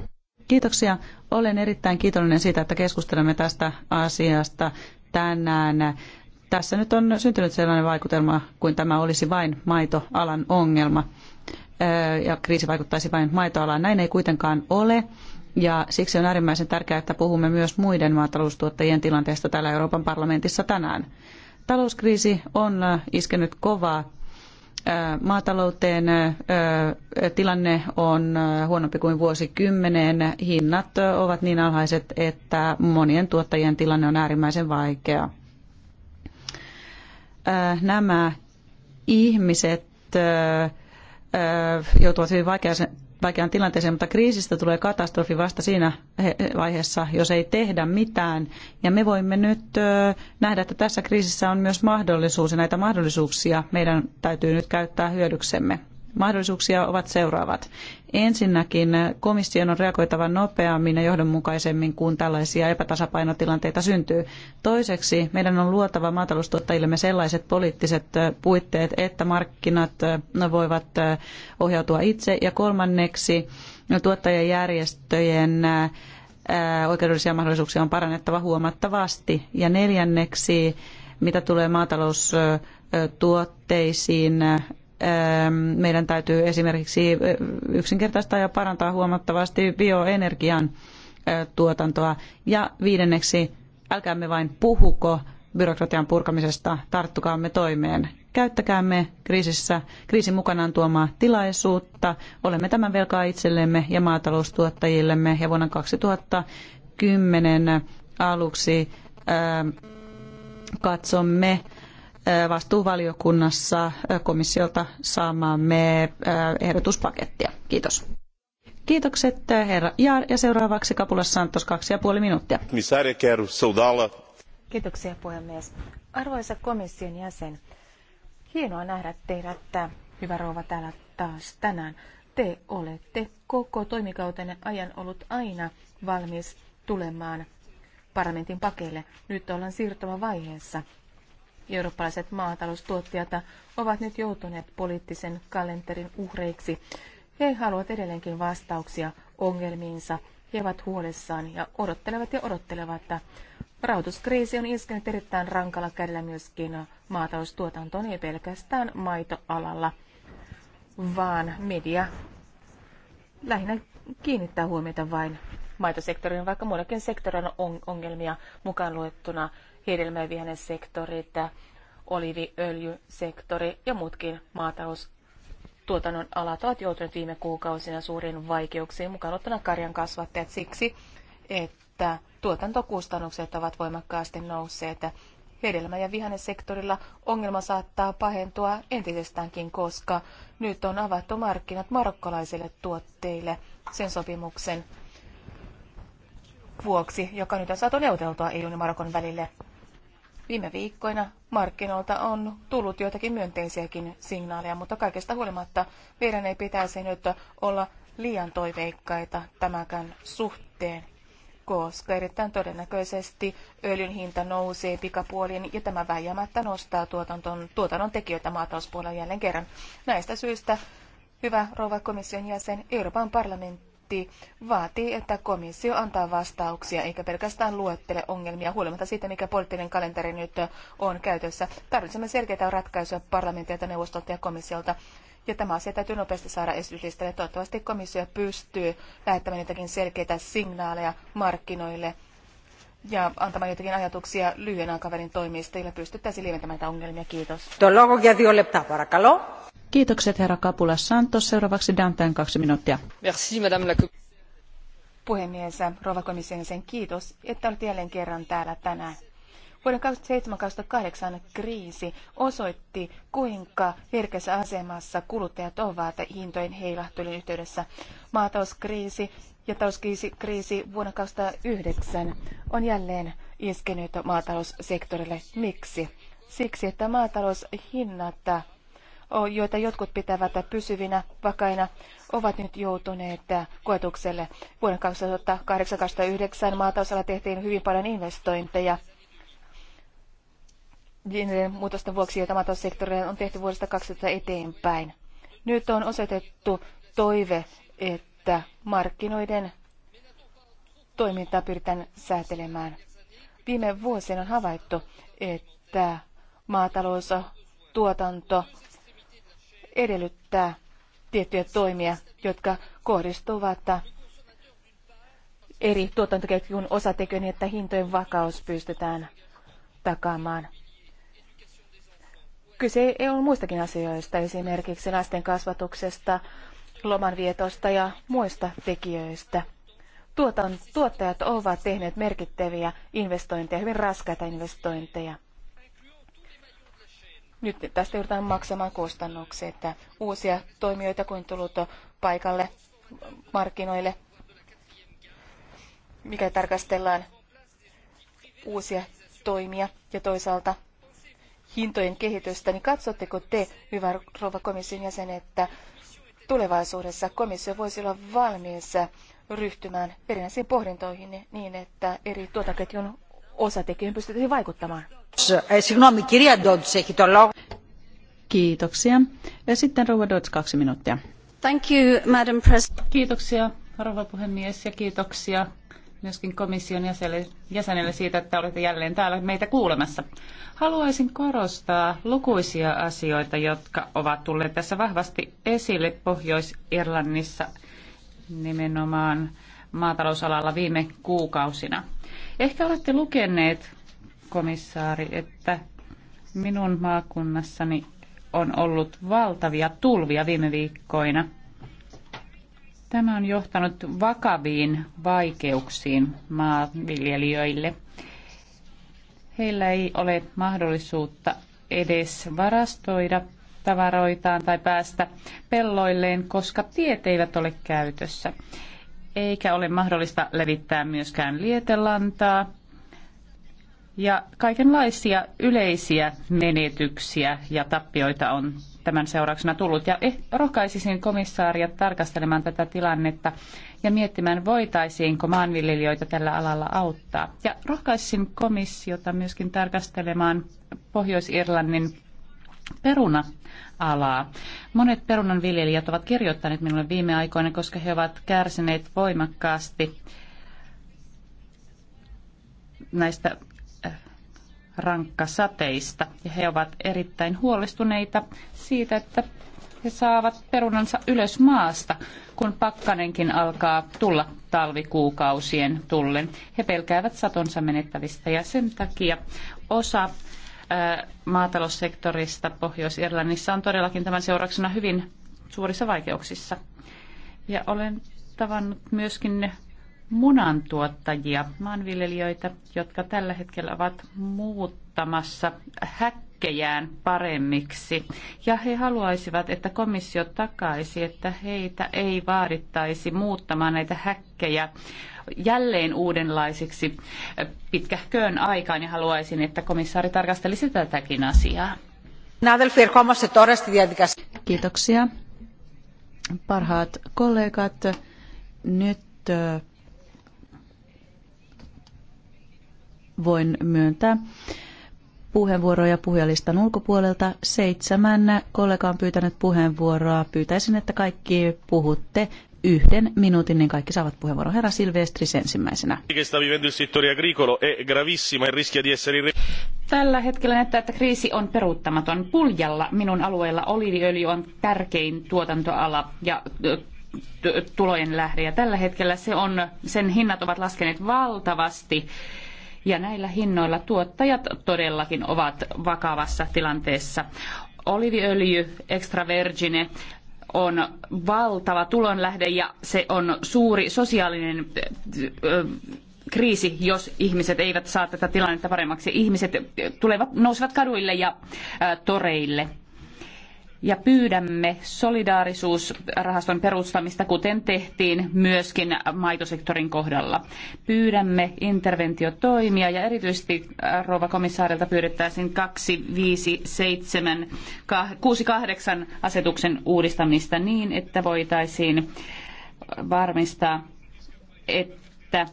Kiitoksia. Olen erittäin kiitollinen siitä, että keskustelemme tästä asiasta tänään. Tässä nyt on syntynyt sellainen vaikutelma, kuin tämä olisi vain maitoalan ongelma ja kriisi vaikuttaisi vain maitoalaan. Näin ei kuitenkaan ole. Ja siksi on äärimmäisen tärkeää, että puhumme myös muiden maataloustuottajien tilanteesta täällä Euroopan parlamentissa tänään. Talouskriisi on äh, iskenyt kovaa äh, maatalouteen. Äh, tilanne on huonompi kuin vuosikymmeneen. Hinnat ovat niin alhaiset, että monien tuottajien tilanne on äärimmäisen vaikea. Nämä ihmiset joutuvat hyvin vaikeaan vaikeaan tilanteeseen, mutta kriisistä tulee katastrofi vasta siinä vaiheessa, jos ei tehdä mitään. Ja me voimme nyt nähdä, että tässä kriisissä on myös mahdollisuus ja näitä mahdollisuuksia meidän täytyy nyt käyttää hyödyksemme mahdollisuuksia ovat seuraavat. Ensinnäkin komission on reagoitava nopeammin ja johdonmukaisemmin, kun tällaisia epätasapainotilanteita syntyy. Toiseksi meidän on luotava maataloustuottajillemme sellaiset poliittiset puitteet, että markkinat voivat ohjautua itse. Ja kolmanneksi tuottajajärjestöjen oikeudellisia mahdollisuuksia on parannettava huomattavasti. Ja neljänneksi, mitä tulee maataloustuotteisiin, Ehm, meidän täytyy esimerkiksi eh, yksinkertaistaa ja parantaa huomattavasti bioenergian eh, tuotantoa. Ja viidenneksi, älkäämme vain puhuko byrokratian purkamisesta, tarttukaamme toimeen. Käyttäkäämme kriisissä, kriisin mukanaan tuomaa tilaisuutta. Olemme tämän velkaa itsellemme ja maataloustuottajillemme ja vuonna 2010 aluksi ehm, katsomme vastuuvaliokunnassa komissiolta saamaamme ehdotuspakettia. Kiitos. Kiitokset herra Jaar ja seuraavaksi Kapula Santos kaksi ja puoli minuuttia. Kiitoksia puhemies. Arvoisa komission jäsen, hienoa nähdä teidät, hyvä rouva täällä taas tänään. Te olette koko toimikautenne ajan ollut aina valmis tulemaan parlamentin pakeille. Nyt ollaan siirtymävaiheessa eurooppalaiset maataloustuottajat ovat nyt joutuneet poliittisen kalenterin uhreiksi. He haluavat edelleenkin vastauksia ongelmiinsa. He ovat huolissaan ja odottelevat ja odottelevat, että rahoituskriisi on iskenyt erittäin rankalla kädellä myöskin maataloustuotantoon, ei pelkästään maitoalalla, vaan media lähinnä kiinnittää huomiota vain maitosektoriin, vaikka muillakin sektoreilla on ongelmia mukaan luettuna hedelmä- että vihannessektorit, oliviöljysektori ja muutkin maatalous tuotannon alat ovat joutuneet viime kuukausina suuriin vaikeuksiin, mukaan ottana karjan kasvattajat siksi, että tuotantokustannukset ovat voimakkaasti nousseet. Hedelmä- ja vihannesektorilla ongelma saattaa pahentua entisestäänkin, koska nyt on avattu markkinat marokkalaisille tuotteille sen sopimuksen vuoksi, joka nyt on saatu neuvoteltua EUn ja Marokon välille. Viime viikkoina markkinoilta on tullut joitakin myönteisiäkin signaaleja, mutta kaikesta huolimatta meidän ei pitäisi nyt olla liian toiveikkaita tämänkään suhteen, koska erittäin todennäköisesti öljyn hinta nousee pikapuoliin ja tämä väijämättä nostaa tuotanton, tuotannon tekijöitä maatalouspuolella jälleen kerran. Näistä syistä, hyvä rouva komission jäsen, Euroopan parlamentti parlamentti vaatii, että komissio antaa vastauksia eikä pelkästään luettele ongelmia huolimatta siitä, mikä poliittinen kalenteri nyt on käytössä. Tarvitsemme selkeitä ratkaisuja parlamentilta, neuvostolta ja komissiolta. Ja tämä asia täytyy nopeasti saada esityslistalle. Toivottavasti komissio pystyy lähettämään jotakin selkeitä signaaleja markkinoille ja antamaan jotakin ajatuksia lyhyen aikavälin toimista, joilla pystyttäisiin lieventämään näitä ongelmia. Kiitos. Tuon logo ja Kiitokset herra Kapula Santos. Seuraavaksi Dantain kaksi minuuttia. Merci, madame la Puhemies, rouva komission sen kiitos, että olet jälleen kerran täällä tänään. Vuoden 2007-2008 kriisi osoitti, kuinka herkässä asemassa kuluttajat ovat hintojen heilahtelun yhteydessä. Maatalouskriisi ja talouskriisi kriisi vuonna 2009 on jälleen iskenyt maataloussektorille. Miksi? Siksi, että maataloushinnat joita jotkut pitävät pysyvinä, vakaina, ovat nyt joutuneet koetukselle. Vuoden 2008-2009 maatausalla tehtiin hyvin paljon investointeja. Niiden muutosten vuoksi, joita maataloussektorille on tehty vuodesta 2000 eteenpäin. Nyt on osoitettu toive, että markkinoiden toimintaa pyritään säätelemään. Viime vuosina on havaittu, että maataloustuotanto tuotanto edellyttää tiettyjä toimia, jotka kohdistuvat eri tuotantoketjun osatekijöihin, niin että hintojen vakaus pystytään takaamaan. Kyse ei ole muistakin asioista, esimerkiksi lasten kasvatuksesta, lomanvietosta ja muista tekijöistä. Tuotan, tuottajat ovat tehneet merkittäviä investointeja, hyvin raskaita investointeja. Nyt tästä joudutaan maksamaan että Uusia toimijoita kuin tullut paikalle markkinoille, mikä tarkastellaan uusia toimia ja toisaalta hintojen kehitystä, niin katsotteko te, hyvä rouva komission jäsen, että tulevaisuudessa komissio voisi olla valmis ryhtymään erinäisiin pohdintoihin niin, että eri tuotaketjun osatekijöihin pystyttäisiin vaikuttamaan? Συγγνώμη, eh, eh, Kiitoksia. Ja sitten rouva Dodds kaksi minuuttia. Thank you, Madam President. Kiitoksia, rouva puhemies, ja kiitoksia myöskin komission jäsenelle siitä, että olette jälleen täällä meitä kuulemassa. Haluaisin korostaa lukuisia asioita, jotka ovat tulleet tässä vahvasti esille Pohjois-Irlannissa nimenomaan maatalousalalla viime kuukausina. Ehkä olette lukeneet komissaari, että minun maakunnassani on ollut valtavia tulvia viime viikkoina. Tämä on johtanut vakaviin vaikeuksiin maanviljelijöille. Heillä ei ole mahdollisuutta edes varastoida tavaroitaan tai päästä pelloilleen, koska tiet eivät ole käytössä. Eikä ole mahdollista levittää myöskään lietelantaa ja kaikenlaisia yleisiä menetyksiä ja tappioita on tämän seurauksena tullut. Ja eh, rohkaisisin komissaaria tarkastelemaan tätä tilannetta ja miettimään, voitaisiinko maanviljelijöitä tällä alalla auttaa. Ja rohkaisisin komissiota myöskin tarkastelemaan Pohjois-Irlannin peruna-alaa. Monet perunanviljelijät ovat kirjoittaneet minulle viime aikoina, koska he ovat kärsineet voimakkaasti näistä rankkasateista ja he ovat erittäin huolestuneita siitä, että he saavat perunansa ylös maasta, kun pakkanenkin alkaa tulla talvikuukausien tullen. He pelkäävät satonsa menettävistä ja sen takia osa ää, maataloussektorista Pohjois-Irlannissa on todellakin tämän seurauksena hyvin suurissa vaikeuksissa. Ja olen tavannut myöskin munantuottajia, maanviljelijöitä, jotka tällä hetkellä ovat muuttamassa häkkejään paremmiksi. Ja he haluaisivat, että komissio takaisi, että heitä ei vaadittaisi muuttamaan näitä häkkejä jälleen uudenlaisiksi pitkähköön aikaan ja haluaisin, että komissaari tarkastelisi tätäkin asiaa. Kiitoksia. Parhaat kollegat, nyt voin myöntää puheenvuoroja puhujalistan ulkopuolelta. Seitsemän kollega on pyytänyt puheenvuoroa. Pyytäisin, että kaikki puhutte yhden minuutin, niin kaikki saavat puheenvuoron. Herra Silvestris ensimmäisenä. E tällä hetkellä näyttää, että kriisi on peruuttamaton. Puljalla minun alueella oliiviöljy on tärkein tuotantoala ja tulojen lähde. Ja tällä hetkellä se on, sen hinnat ovat laskeneet valtavasti ja näillä hinnoilla tuottajat todellakin ovat vakavassa tilanteessa. Oliviöljy, extra vergine, on valtava tulonlähde ja se on suuri sosiaalinen äh, äh, kriisi, jos ihmiset eivät saa tätä tilannetta paremmaksi. Ihmiset tulevat, nousevat kaduille ja äh, toreille ja pyydämme solidaarisuusrahaston perustamista, kuten tehtiin myöskin maitosektorin kohdalla. Pyydämme interventiotoimia ja erityisesti äh, rouva komissaarilta pyydettäisiin 257 asetuksen uudistamista niin, että voitaisiin varmistaa, että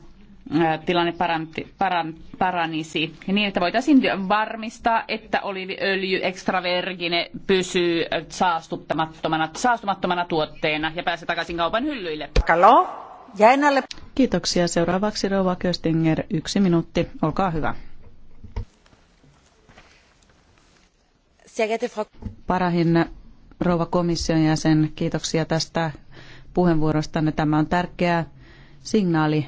tilanne paranti, paran, paranisi niin, että voitaisiin varmistaa, että oliviöljy extravergine pysyy saastuttamattomana, saastumattomana tuotteena ja pääsee takaisin kaupan hyllyille. Kalo, jäinälle. Kiitoksia. Seuraavaksi Rouva Köstinger, yksi minuutti. Olkaa hyvä. Parahin rouva komission jäsen, kiitoksia tästä puheenvuorostanne. Tämä on tärkeä signaali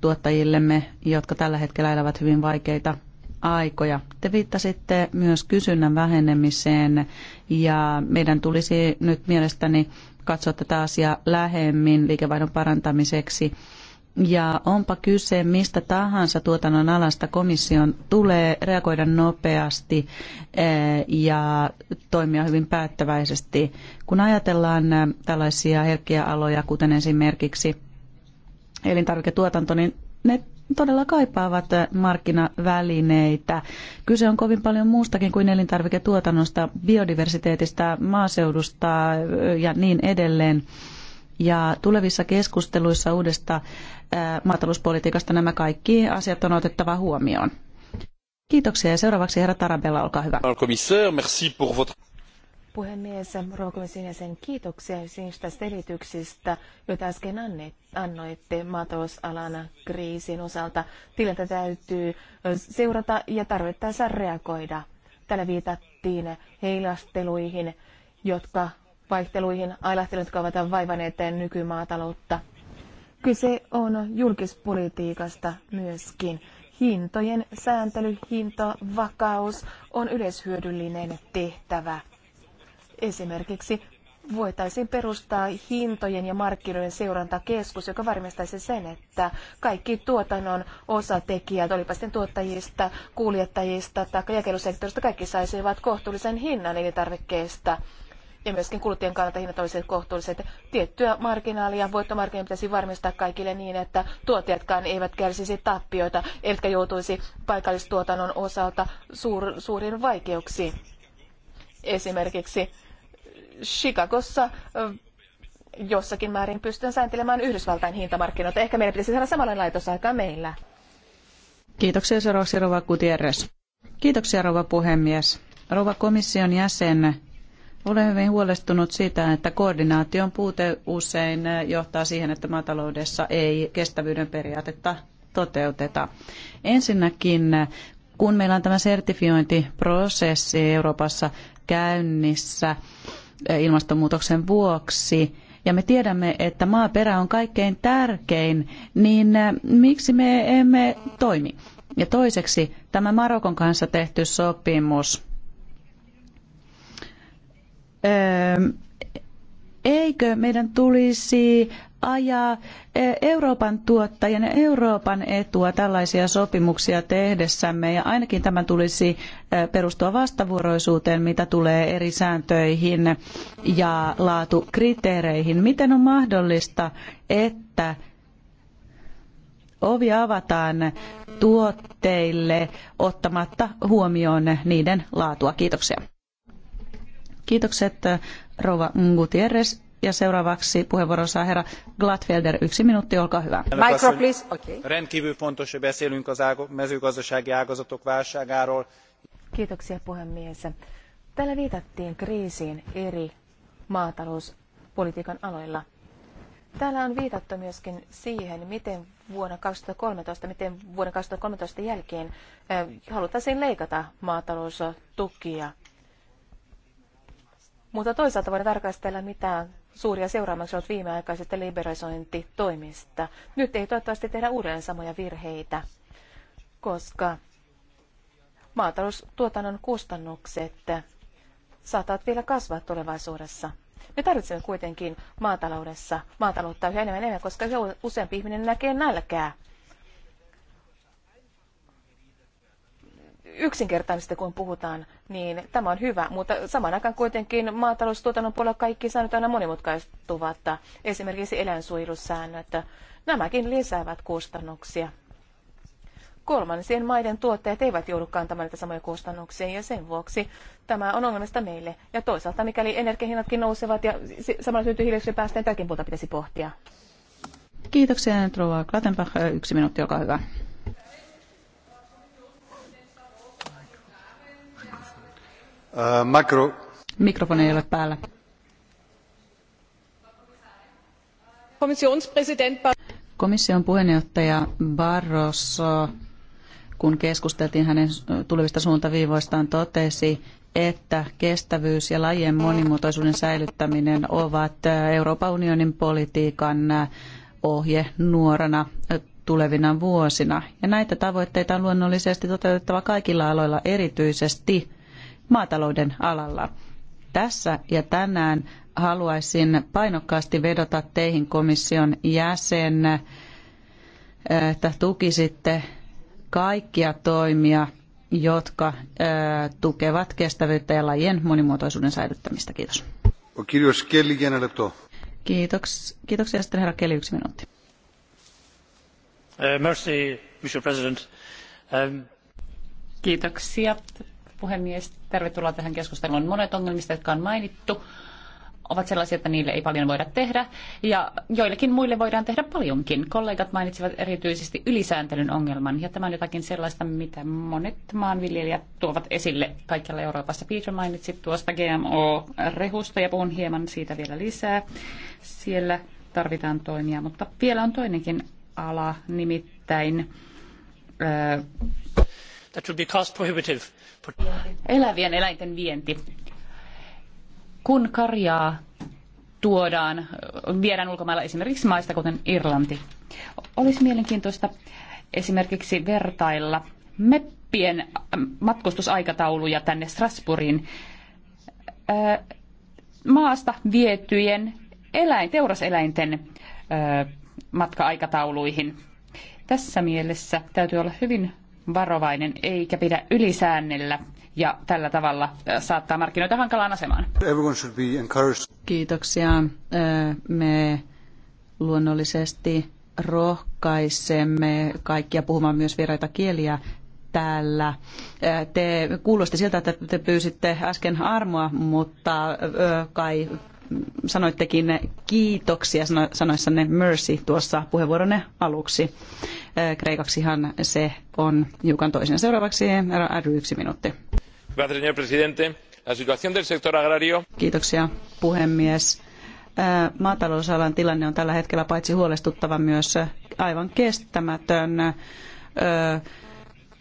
tuottajillemme, jotka tällä hetkellä elävät hyvin vaikeita aikoja. Te viittasitte myös kysynnän vähenemiseen ja meidän tulisi nyt mielestäni katsoa tätä asiaa lähemmin liikevaihdon parantamiseksi. Ja onpa kyse mistä tahansa tuotannon alasta, komission tulee reagoida nopeasti ja toimia hyvin päättäväisesti. Kun ajatellaan tällaisia herkkiä aloja, kuten esimerkiksi elintarviketuotanto, niin ne todella kaipaavat äh, markkinavälineitä. Kyse on kovin paljon muustakin kuin elintarviketuotannosta, biodiversiteetistä, maaseudusta äh, ja niin edelleen. Ja tulevissa keskusteluissa uudesta äh, maatalouspolitiikasta nämä kaikki asiat on otettava huomioon. Kiitoksia ja seuraavaksi herra Tarabella, olkaa hyvä puhemies, ruokomission jäsen, kiitoksia niistä selityksistä, joita äsken annoitte maatalousalan kriisin osalta. Tilannetta täytyy seurata ja tarvittaessa reagoida. Täällä viitattiin heilasteluihin, jotka vaihteluihin, ailahteluihin, jotka ovat vaivanneet nykymaataloutta. Kyse on julkispolitiikasta myöskin. Hintojen sääntely, hintavakaus on yleishyödyllinen tehtävä Esimerkiksi voitaisiin perustaa hintojen ja markkinoiden seurantakeskus, joka varmistaisi sen, että kaikki tuotannon osatekijät, olipa sitten tuottajista, kuljettajista tai jakelusektorista, kaikki saisivat kohtuullisen hinnan elintarvikkeista. Ja myöskin kuluttajien kannalta hinnat olisivat kohtuulliset. Tiettyä marginaalia, voittomarginaalia pitäisi varmistaa kaikille niin, että tuottajatkaan eivät kärsisi tappioita, eivätkä joutuisi paikallistuotannon osalta suur, suuriin vaikeuksiin. Esimerkiksi Chicagossa jossakin määrin pystyn sääntelemään Yhdysvaltain hintamarkkinoita. Ehkä meidän pitäisi saada samanlainen laitos aikaan meillä. Kiitoksia seuraavaksi Rova Gutierrez. Kiitoksia Rova puhemies. Rova komission jäsen, olen hyvin huolestunut siitä, että koordinaation puute usein johtaa siihen, että maataloudessa ei kestävyyden periaatetta toteuteta. Ensinnäkin, kun meillä on tämä sertifiointiprosessi Euroopassa käynnissä, ilmastonmuutoksen vuoksi ja me tiedämme, että maaperä on kaikkein tärkein, niin äh, miksi me emme toimi? Ja toiseksi tämä Marokon kanssa tehty sopimus. Öö, Eikö meidän tulisi ajaa e, Euroopan tuottajien Euroopan etua tällaisia sopimuksia tehdessämme ja ainakin tämän tulisi e, perustua vastavuoroisuuteen, mitä tulee eri sääntöihin ja laatukriteereihin. Miten on mahdollista, että ovi avataan tuotteille ottamatta huomioon niiden laatua? Kiitoksia. Kiitokset eh, Rova Gutierrez. Ja seuraavaksi puheenvuoron saa herra Gladfelder. Yksi minuutti, olkaa hyvä. Micro, please. Okay. Rendkívül fontos, hogy beszélünk az mezőgazdasági ágazatok válságáról. Kiitoksia puhemies. Täällä viitattiin kriisiin eri maatalouspolitiikan aloilla. Täällä on viitattu myöskin siihen, miten vuonna 2013, miten vuoden 2013 jälkeen eh, haluttaisiin leikata maataloustukia – mutta toisaalta voidaan tarkastella, mitä suuria seuraamuksia on viimeaikaisista liberalisointitoimista. Nyt ei toivottavasti tehdä uudelleen samoja virheitä, koska maataloustuotannon kustannukset saattavat vielä kasvaa tulevaisuudessa. Me tarvitsemme kuitenkin maataloudessa maataloutta yhä enemmän enemmän, koska yhä useampi ihminen näkee nälkää yksinkertaisesti kun puhutaan, niin tämä on hyvä, mutta samaan aikaan kuitenkin maataloustuotannon puolella kaikki säännöt aina monimutkaistuvat, esimerkiksi eläinsuojelusäännöt. Nämäkin lisäävät kustannuksia. Kolmansien maiden tuotteet eivät joudu kantamaan näitä samoja kustannuksia ja sen vuoksi tämä on ongelmista meille. Ja toisaalta mikäli energiahinnatkin nousevat ja samalla syntyy hiilidioksidipäästöjen, niin puolta pitäisi pohtia. Kiitoksia, Trova Klatenbach. Yksi minuutti, olkaa hyvä. Äh, Komission puheenjohtaja Barroso, kun keskusteltiin hänen tulevista suuntaviivoistaan, totesi, että kestävyys ja lajien monimuotoisuuden säilyttäminen ovat Euroopan unionin politiikan ohje nuorana tulevina vuosina. Ja näitä tavoitteita on luonnollisesti toteutettava kaikilla aloilla erityisesti – maatalouden alalla. Tässä ja tänään haluaisin painokkaasti vedota teihin komission jäsen, äh, että tukisitte kaikkia toimia, jotka äh, tukevat kestävyyttä ja lajien monimuotoisuuden säilyttämistä. Kiitos. Kirjos kiitoksia. Sitten herra Kelly, yksi minuutti. Uh, Merci, Mr. President. Um, kiitoksia puhemies. Tervetuloa tähän keskusteluun. Monet ongelmista, jotka on mainittu, ovat sellaisia, että niille ei paljon voida tehdä, ja joillekin muille voidaan tehdä paljonkin. Kollegat mainitsivat erityisesti ylisääntelyn ongelman, ja tämä on jotakin sellaista, mitä monet maanviljelijät tuovat esille kaikkialla Euroopassa. Peter mainitsi tuosta GMO-rehusta, ja puhun hieman siitä vielä lisää. Siellä tarvitaan toimia, mutta vielä on toinenkin ala, nimittäin... Ää, That would be cost prohibitive Elävien eläinten vienti. Kun karjaa tuodaan, viedään ulkomailla esimerkiksi maista, kuten Irlanti. Olisi mielenkiintoista esimerkiksi vertailla meppien matkustusaikatauluja tänne Strasbourgin maasta vietyjen eläin, teuraseläinten matka-aikatauluihin. Tässä mielessä täytyy olla hyvin varovainen eikä pidä ylisäännellä ja tällä tavalla saattaa markkinoita hankalaan asemaan. Kiitoksia. Me luonnollisesti rohkaisemme kaikkia puhumaan myös vieraita kieliä täällä. Te kuulosti siltä, että te pyysitte äsken armoa, mutta kai sanoittekin kiitoksia sanoissanne mercy tuossa puheenvuoronne aluksi. Äh, kreikaksihan se on hiukan toisen. Seuraavaksi ry yksi minuutti. Kiitoksia puhemies. Äh, maatalousalan tilanne on tällä hetkellä paitsi huolestuttava myös aivan kestämätön äh,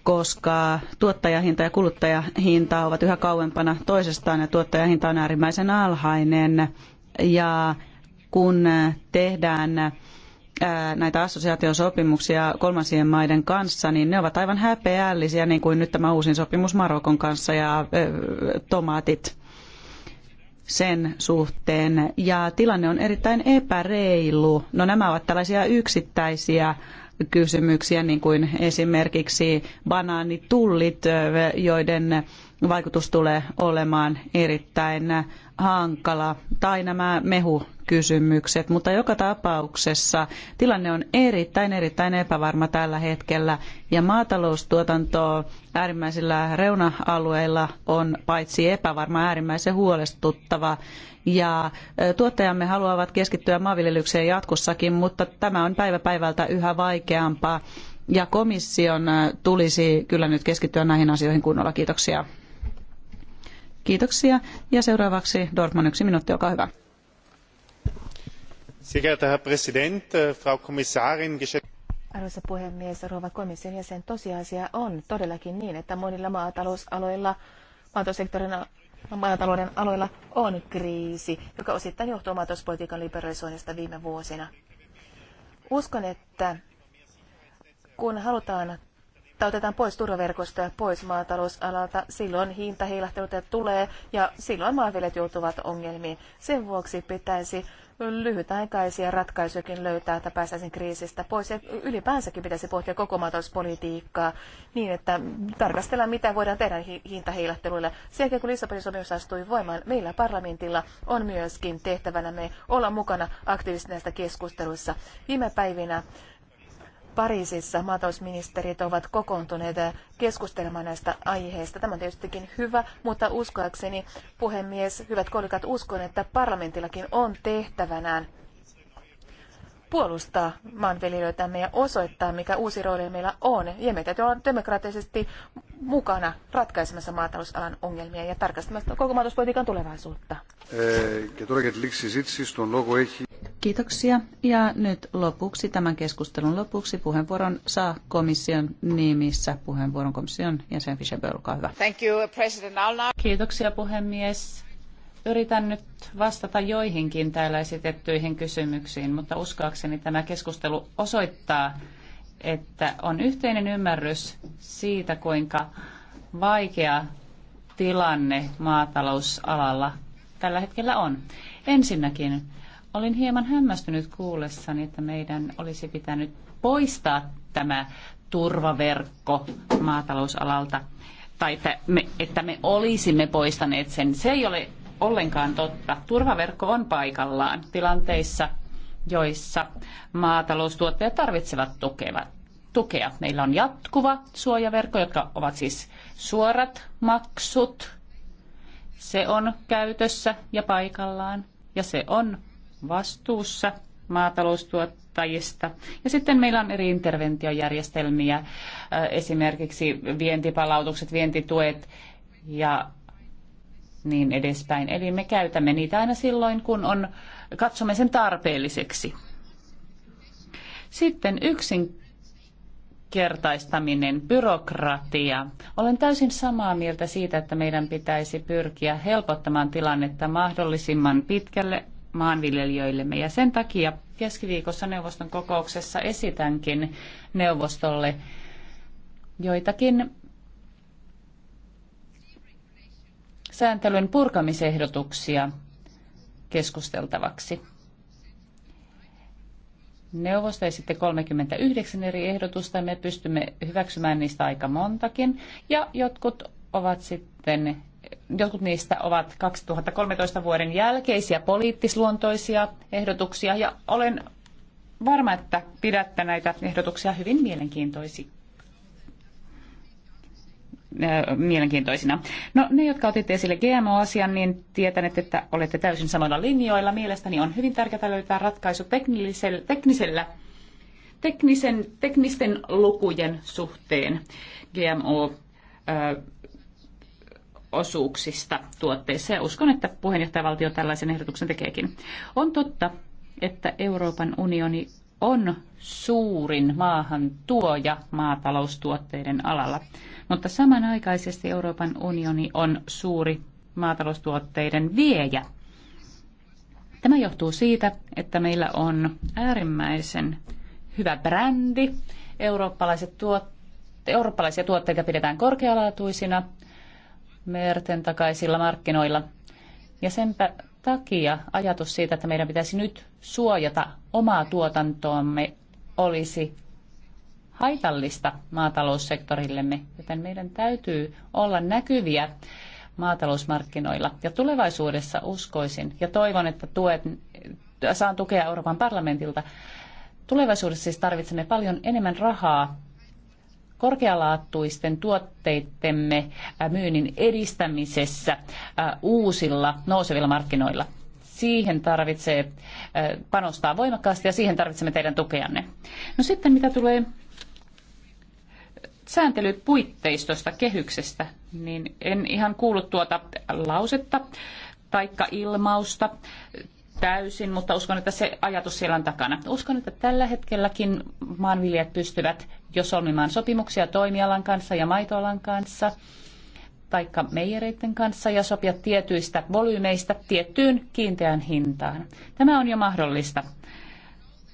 koska tuottajahinta ja kuluttajahinta ovat yhä kauempana toisestaan ja tuottajahinta on äärimmäisen alhainen. Ja kun tehdään näitä assosiaatiosopimuksia kolmansien maiden kanssa, niin ne ovat aivan häpeällisiä, niin kuin nyt tämä uusin sopimus Marokon kanssa ja tomaatit sen suhteen. Ja tilanne on erittäin epäreilu. No nämä ovat tällaisia yksittäisiä kysymyksiä, niin kuin esimerkiksi banaanitullit, joiden vaikutus tulee olemaan erittäin hankala, tai nämä mehukysymykset. Mutta joka tapauksessa tilanne on erittäin, erittäin epävarma tällä hetkellä, ja maataloustuotanto äärimmäisillä reuna-alueilla on paitsi epävarma, äärimmäisen huolestuttava ja tuottajamme haluavat keskittyä maanviljelykseen jatkossakin, mutta tämä on päivä päivältä yhä vaikeampaa ja komission tulisi kyllä nyt keskittyä näihin asioihin kunnolla. Kiitoksia. Kiitoksia. Ja seuraavaksi Dortmund yksi minuutti, olkaa hyvä. Äh, Arvoisa puhemies, rouva komission jäsen, tosiasia on todellakin niin, että monilla maatalousaloilla, maataloussektorin maatalouden aloilla on kriisi, joka osittain johtuu maatalouspolitiikan liberalisoinnista viime vuosina. Uskon, että kun halutaan tai otetaan pois turvaverkosta ja pois maatalousalalta, silloin hinta tulee ja silloin maanviljelijät joutuvat ongelmiin. Sen vuoksi pitäisi lyhytaikaisia ratkaisujakin löytää, että päästäisiin kriisistä pois. Ja ylipäänsäkin pitäisi pohtia koko maatalouspolitiikkaa niin, että tarkastellaan, mitä voidaan tehdä hintaheilahteluille. Sen jälkeen, kun Lissabonin sopimus astui voimaan, meillä parlamentilla on myöskin tehtävänä me olla mukana aktiivisesti näistä keskusteluissa. Viime päivinä Pariisissa maatalousministerit ovat kokoontuneet keskustelemaan näistä aiheista. Tämä on tietystikin hyvä, mutta uskoakseni, puhemies, hyvät kollegat, uskon, että parlamentillakin on tehtävänään puolustaa maanviljelijöitämme ja osoittaa, mikä uusi rooli meillä on. Ja me täytyy olla demokraattisesti mukana ratkaisemassa maatalousalan ongelmia ja tarkastamassa koko maatalouspolitiikan tulevaisuutta. Kiitoksia. Ja nyt lopuksi, tämän keskustelun lopuksi, puheenvuoron saa komission nimissä puheenvuoron komission jäsen Fischer, olkaa hyvä. Thank you, President Alna. Kiitoksia puhemies. Yritän nyt vastata joihinkin täällä esitettyihin kysymyksiin, mutta uskoakseni tämä keskustelu osoittaa, että on yhteinen ymmärrys siitä, kuinka vaikea tilanne maatalousalalla tällä hetkellä on. Ensinnäkin olin hieman hämmästynyt kuullessani, että meidän olisi pitänyt poistaa tämä turvaverkko maatalousalalta, tai että me, että me olisimme poistaneet sen. Se ei ole ollenkaan totta. Turvaverkko on paikallaan tilanteissa, joissa maataloustuottajat tarvitsevat tukevat, tukea. Meillä on jatkuva suojaverkko, jotka ovat siis suorat maksut. Se on käytössä ja paikallaan ja se on vastuussa maataloustuottajista. Ja sitten meillä on eri interventiojärjestelmiä, äh, esimerkiksi vientipalautukset, vientituet ja niin edespäin. Eli me käytämme niitä aina silloin, kun on, katsomme sen tarpeelliseksi. Sitten yksinkertaistaminen, byrokratia. Olen täysin samaa mieltä siitä, että meidän pitäisi pyrkiä helpottamaan tilannetta mahdollisimman pitkälle maanviljelijöillemme. Ja sen takia keskiviikossa neuvoston kokouksessa esitänkin neuvostolle joitakin sääntelyn purkamisehdotuksia keskusteltavaksi. Neuvosto esitti 39 eri ehdotusta ja me pystymme hyväksymään niistä aika montakin. Ja jotkut ovat sitten jotkut niistä ovat 2013 vuoden jälkeisiä poliittisluontoisia ehdotuksia ja olen varma, että pidätte näitä ehdotuksia hyvin mielenkiintoisiksi. Äh, mielenkiintoisina. No ne, jotka otitte esille GMO-asian, niin tietän, että olette täysin samalla linjoilla. Mielestäni on hyvin tärkeää löytää ratkaisu teknisellä, teknisellä teknisen, teknisten lukujen suhteen GMO ö, äh, osuuksista tuotteissa ja uskon, että puheenjohtajavaltio tällaisen ehdotuksen tekeekin. On totta, että Euroopan unioni on suurin maahan tuoja maataloustuotteiden alalla. Mutta samanaikaisesti Euroopan unioni on suuri maataloustuotteiden viejä. Tämä johtuu siitä, että meillä on äärimmäisen hyvä brändi. Eurooppalaiset tuot, eurooppalaisia tuotteita pidetään korkealaatuisina merten takaisilla markkinoilla. Ja senpä takia ajatus siitä, että meidän pitäisi nyt suojata omaa tuotantoamme, olisi haitallista maataloussektorillemme, joten meidän täytyy olla näkyviä maatalousmarkkinoilla. Ja tulevaisuudessa uskoisin ja toivon, että tuet, saan tukea Euroopan parlamentilta. Tulevaisuudessa siis tarvitsemme paljon enemmän rahaa korkealaattuisten tuotteittemme äh, myynnin edistämisessä äh, uusilla nousevilla markkinoilla. Siihen tarvitsee äh, panostaa voimakkaasti ja siihen tarvitsemme teidän tukeanne. No sitten mitä tulee sääntelypuitteistosta, kehyksestä, niin en ihan kuullut tuota lausetta taikka ilmausta täysin, mutta uskon, että se ajatus siellä on takana. Uskon, että tällä hetkelläkin maanviljelijät pystyvät jo solmimaan sopimuksia toimialan kanssa ja maitoalan kanssa taikka meijereiden kanssa ja sopia tietyistä volyymeista tiettyyn kiinteään hintaan. Tämä on jo mahdollista.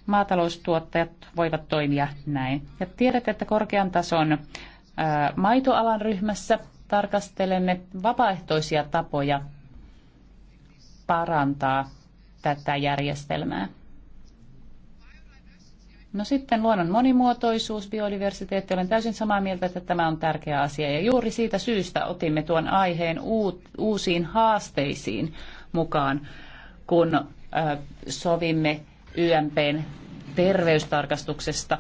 Maataloustuottajat voivat toimia näin. Ja tiedät, että korkean tason ää, maitoalan ryhmässä tarkastelemme vapaaehtoisia tapoja parantaa tätä järjestelmää. No sitten luonnon monimuotoisuus, biodiversiteetti. Olen täysin samaa mieltä, että tämä on tärkeä asia. Ja juuri siitä syystä otimme tuon aiheen uusiin haasteisiin mukaan, kun sovimme YMPn terveystarkastuksesta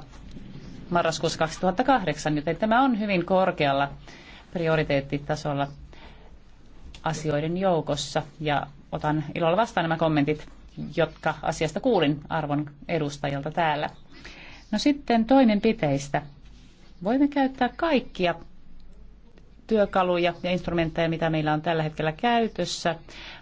marraskuussa 2008, joten tämä on hyvin korkealla prioriteettitasolla asioiden joukossa ja otan ilolla vastaan nämä kommentit, jotka asiasta kuulin arvon edustajilta täällä. No sitten toimenpiteistä. Voimme käyttää kaikkia työkaluja ja instrumentteja, mitä meillä on tällä hetkellä käytössä,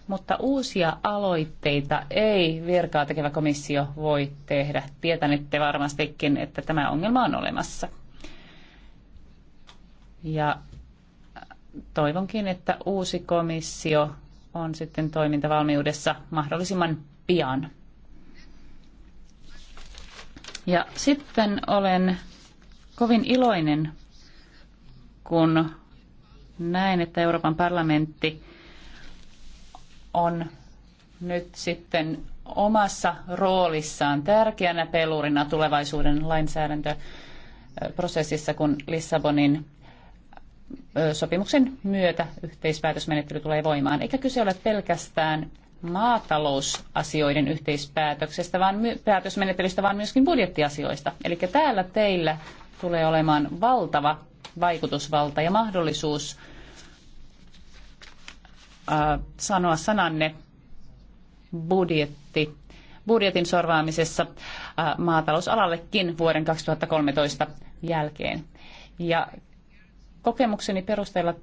mutta uusia aloitteita ei virkaa tekevä komissio voi tehdä. Tietänette varmastikin, että tämä ongelma on olemassa. Ja toivonkin, että uusi komissio on sitten toimintavalmiudessa mahdollisimman pian. Ja sitten olen kovin iloinen, kun näen, että Euroopan parlamentti on nyt sitten omassa roolissaan tärkeänä pelurina tulevaisuuden lainsäädäntöprosessissa, kun Lissabonin sopimuksen myötä yhteispäätösmenettely tulee voimaan. Eikä kyse ole pelkästään maatalousasioiden yhteispäätöksestä, vaan my- päätösmenettelystä, vaan myöskin budjettiasioista. Eli täällä teillä tulee olemaan valtava vaikutusvalta ja mahdollisuus äh, sanoa sananne budjetti, budjetin sorvaamisessa äh, maatalousalallekin vuoden 2013 jälkeen. Ja Kokemukseni perusteella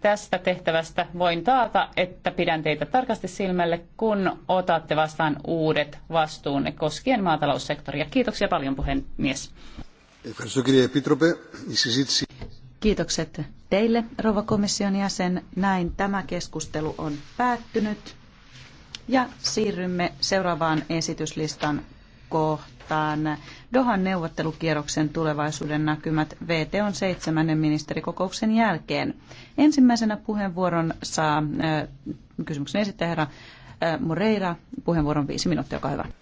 tästä tehtävästä voin taata, että pidän teitä tarkasti silmälle, kun otatte vastaan uudet vastuunne koskien maataloussektoria. Kiitoksia paljon puhemies. Kiitokset teille, rouva komission jäsen. Näin tämä keskustelu on päättynyt. Ja siirrymme seuraavaan esityslistan kohtaan kerrotaan Dohan neuvottelukierroksen tulevaisuuden näkymät VTOn seitsemännen ministerikokouksen jälkeen. Ensimmäisenä puheenvuoron saa kysymyksen esittäjä herra Moreira. Puheenvuoron viisi minuuttia, olkaa hyvä.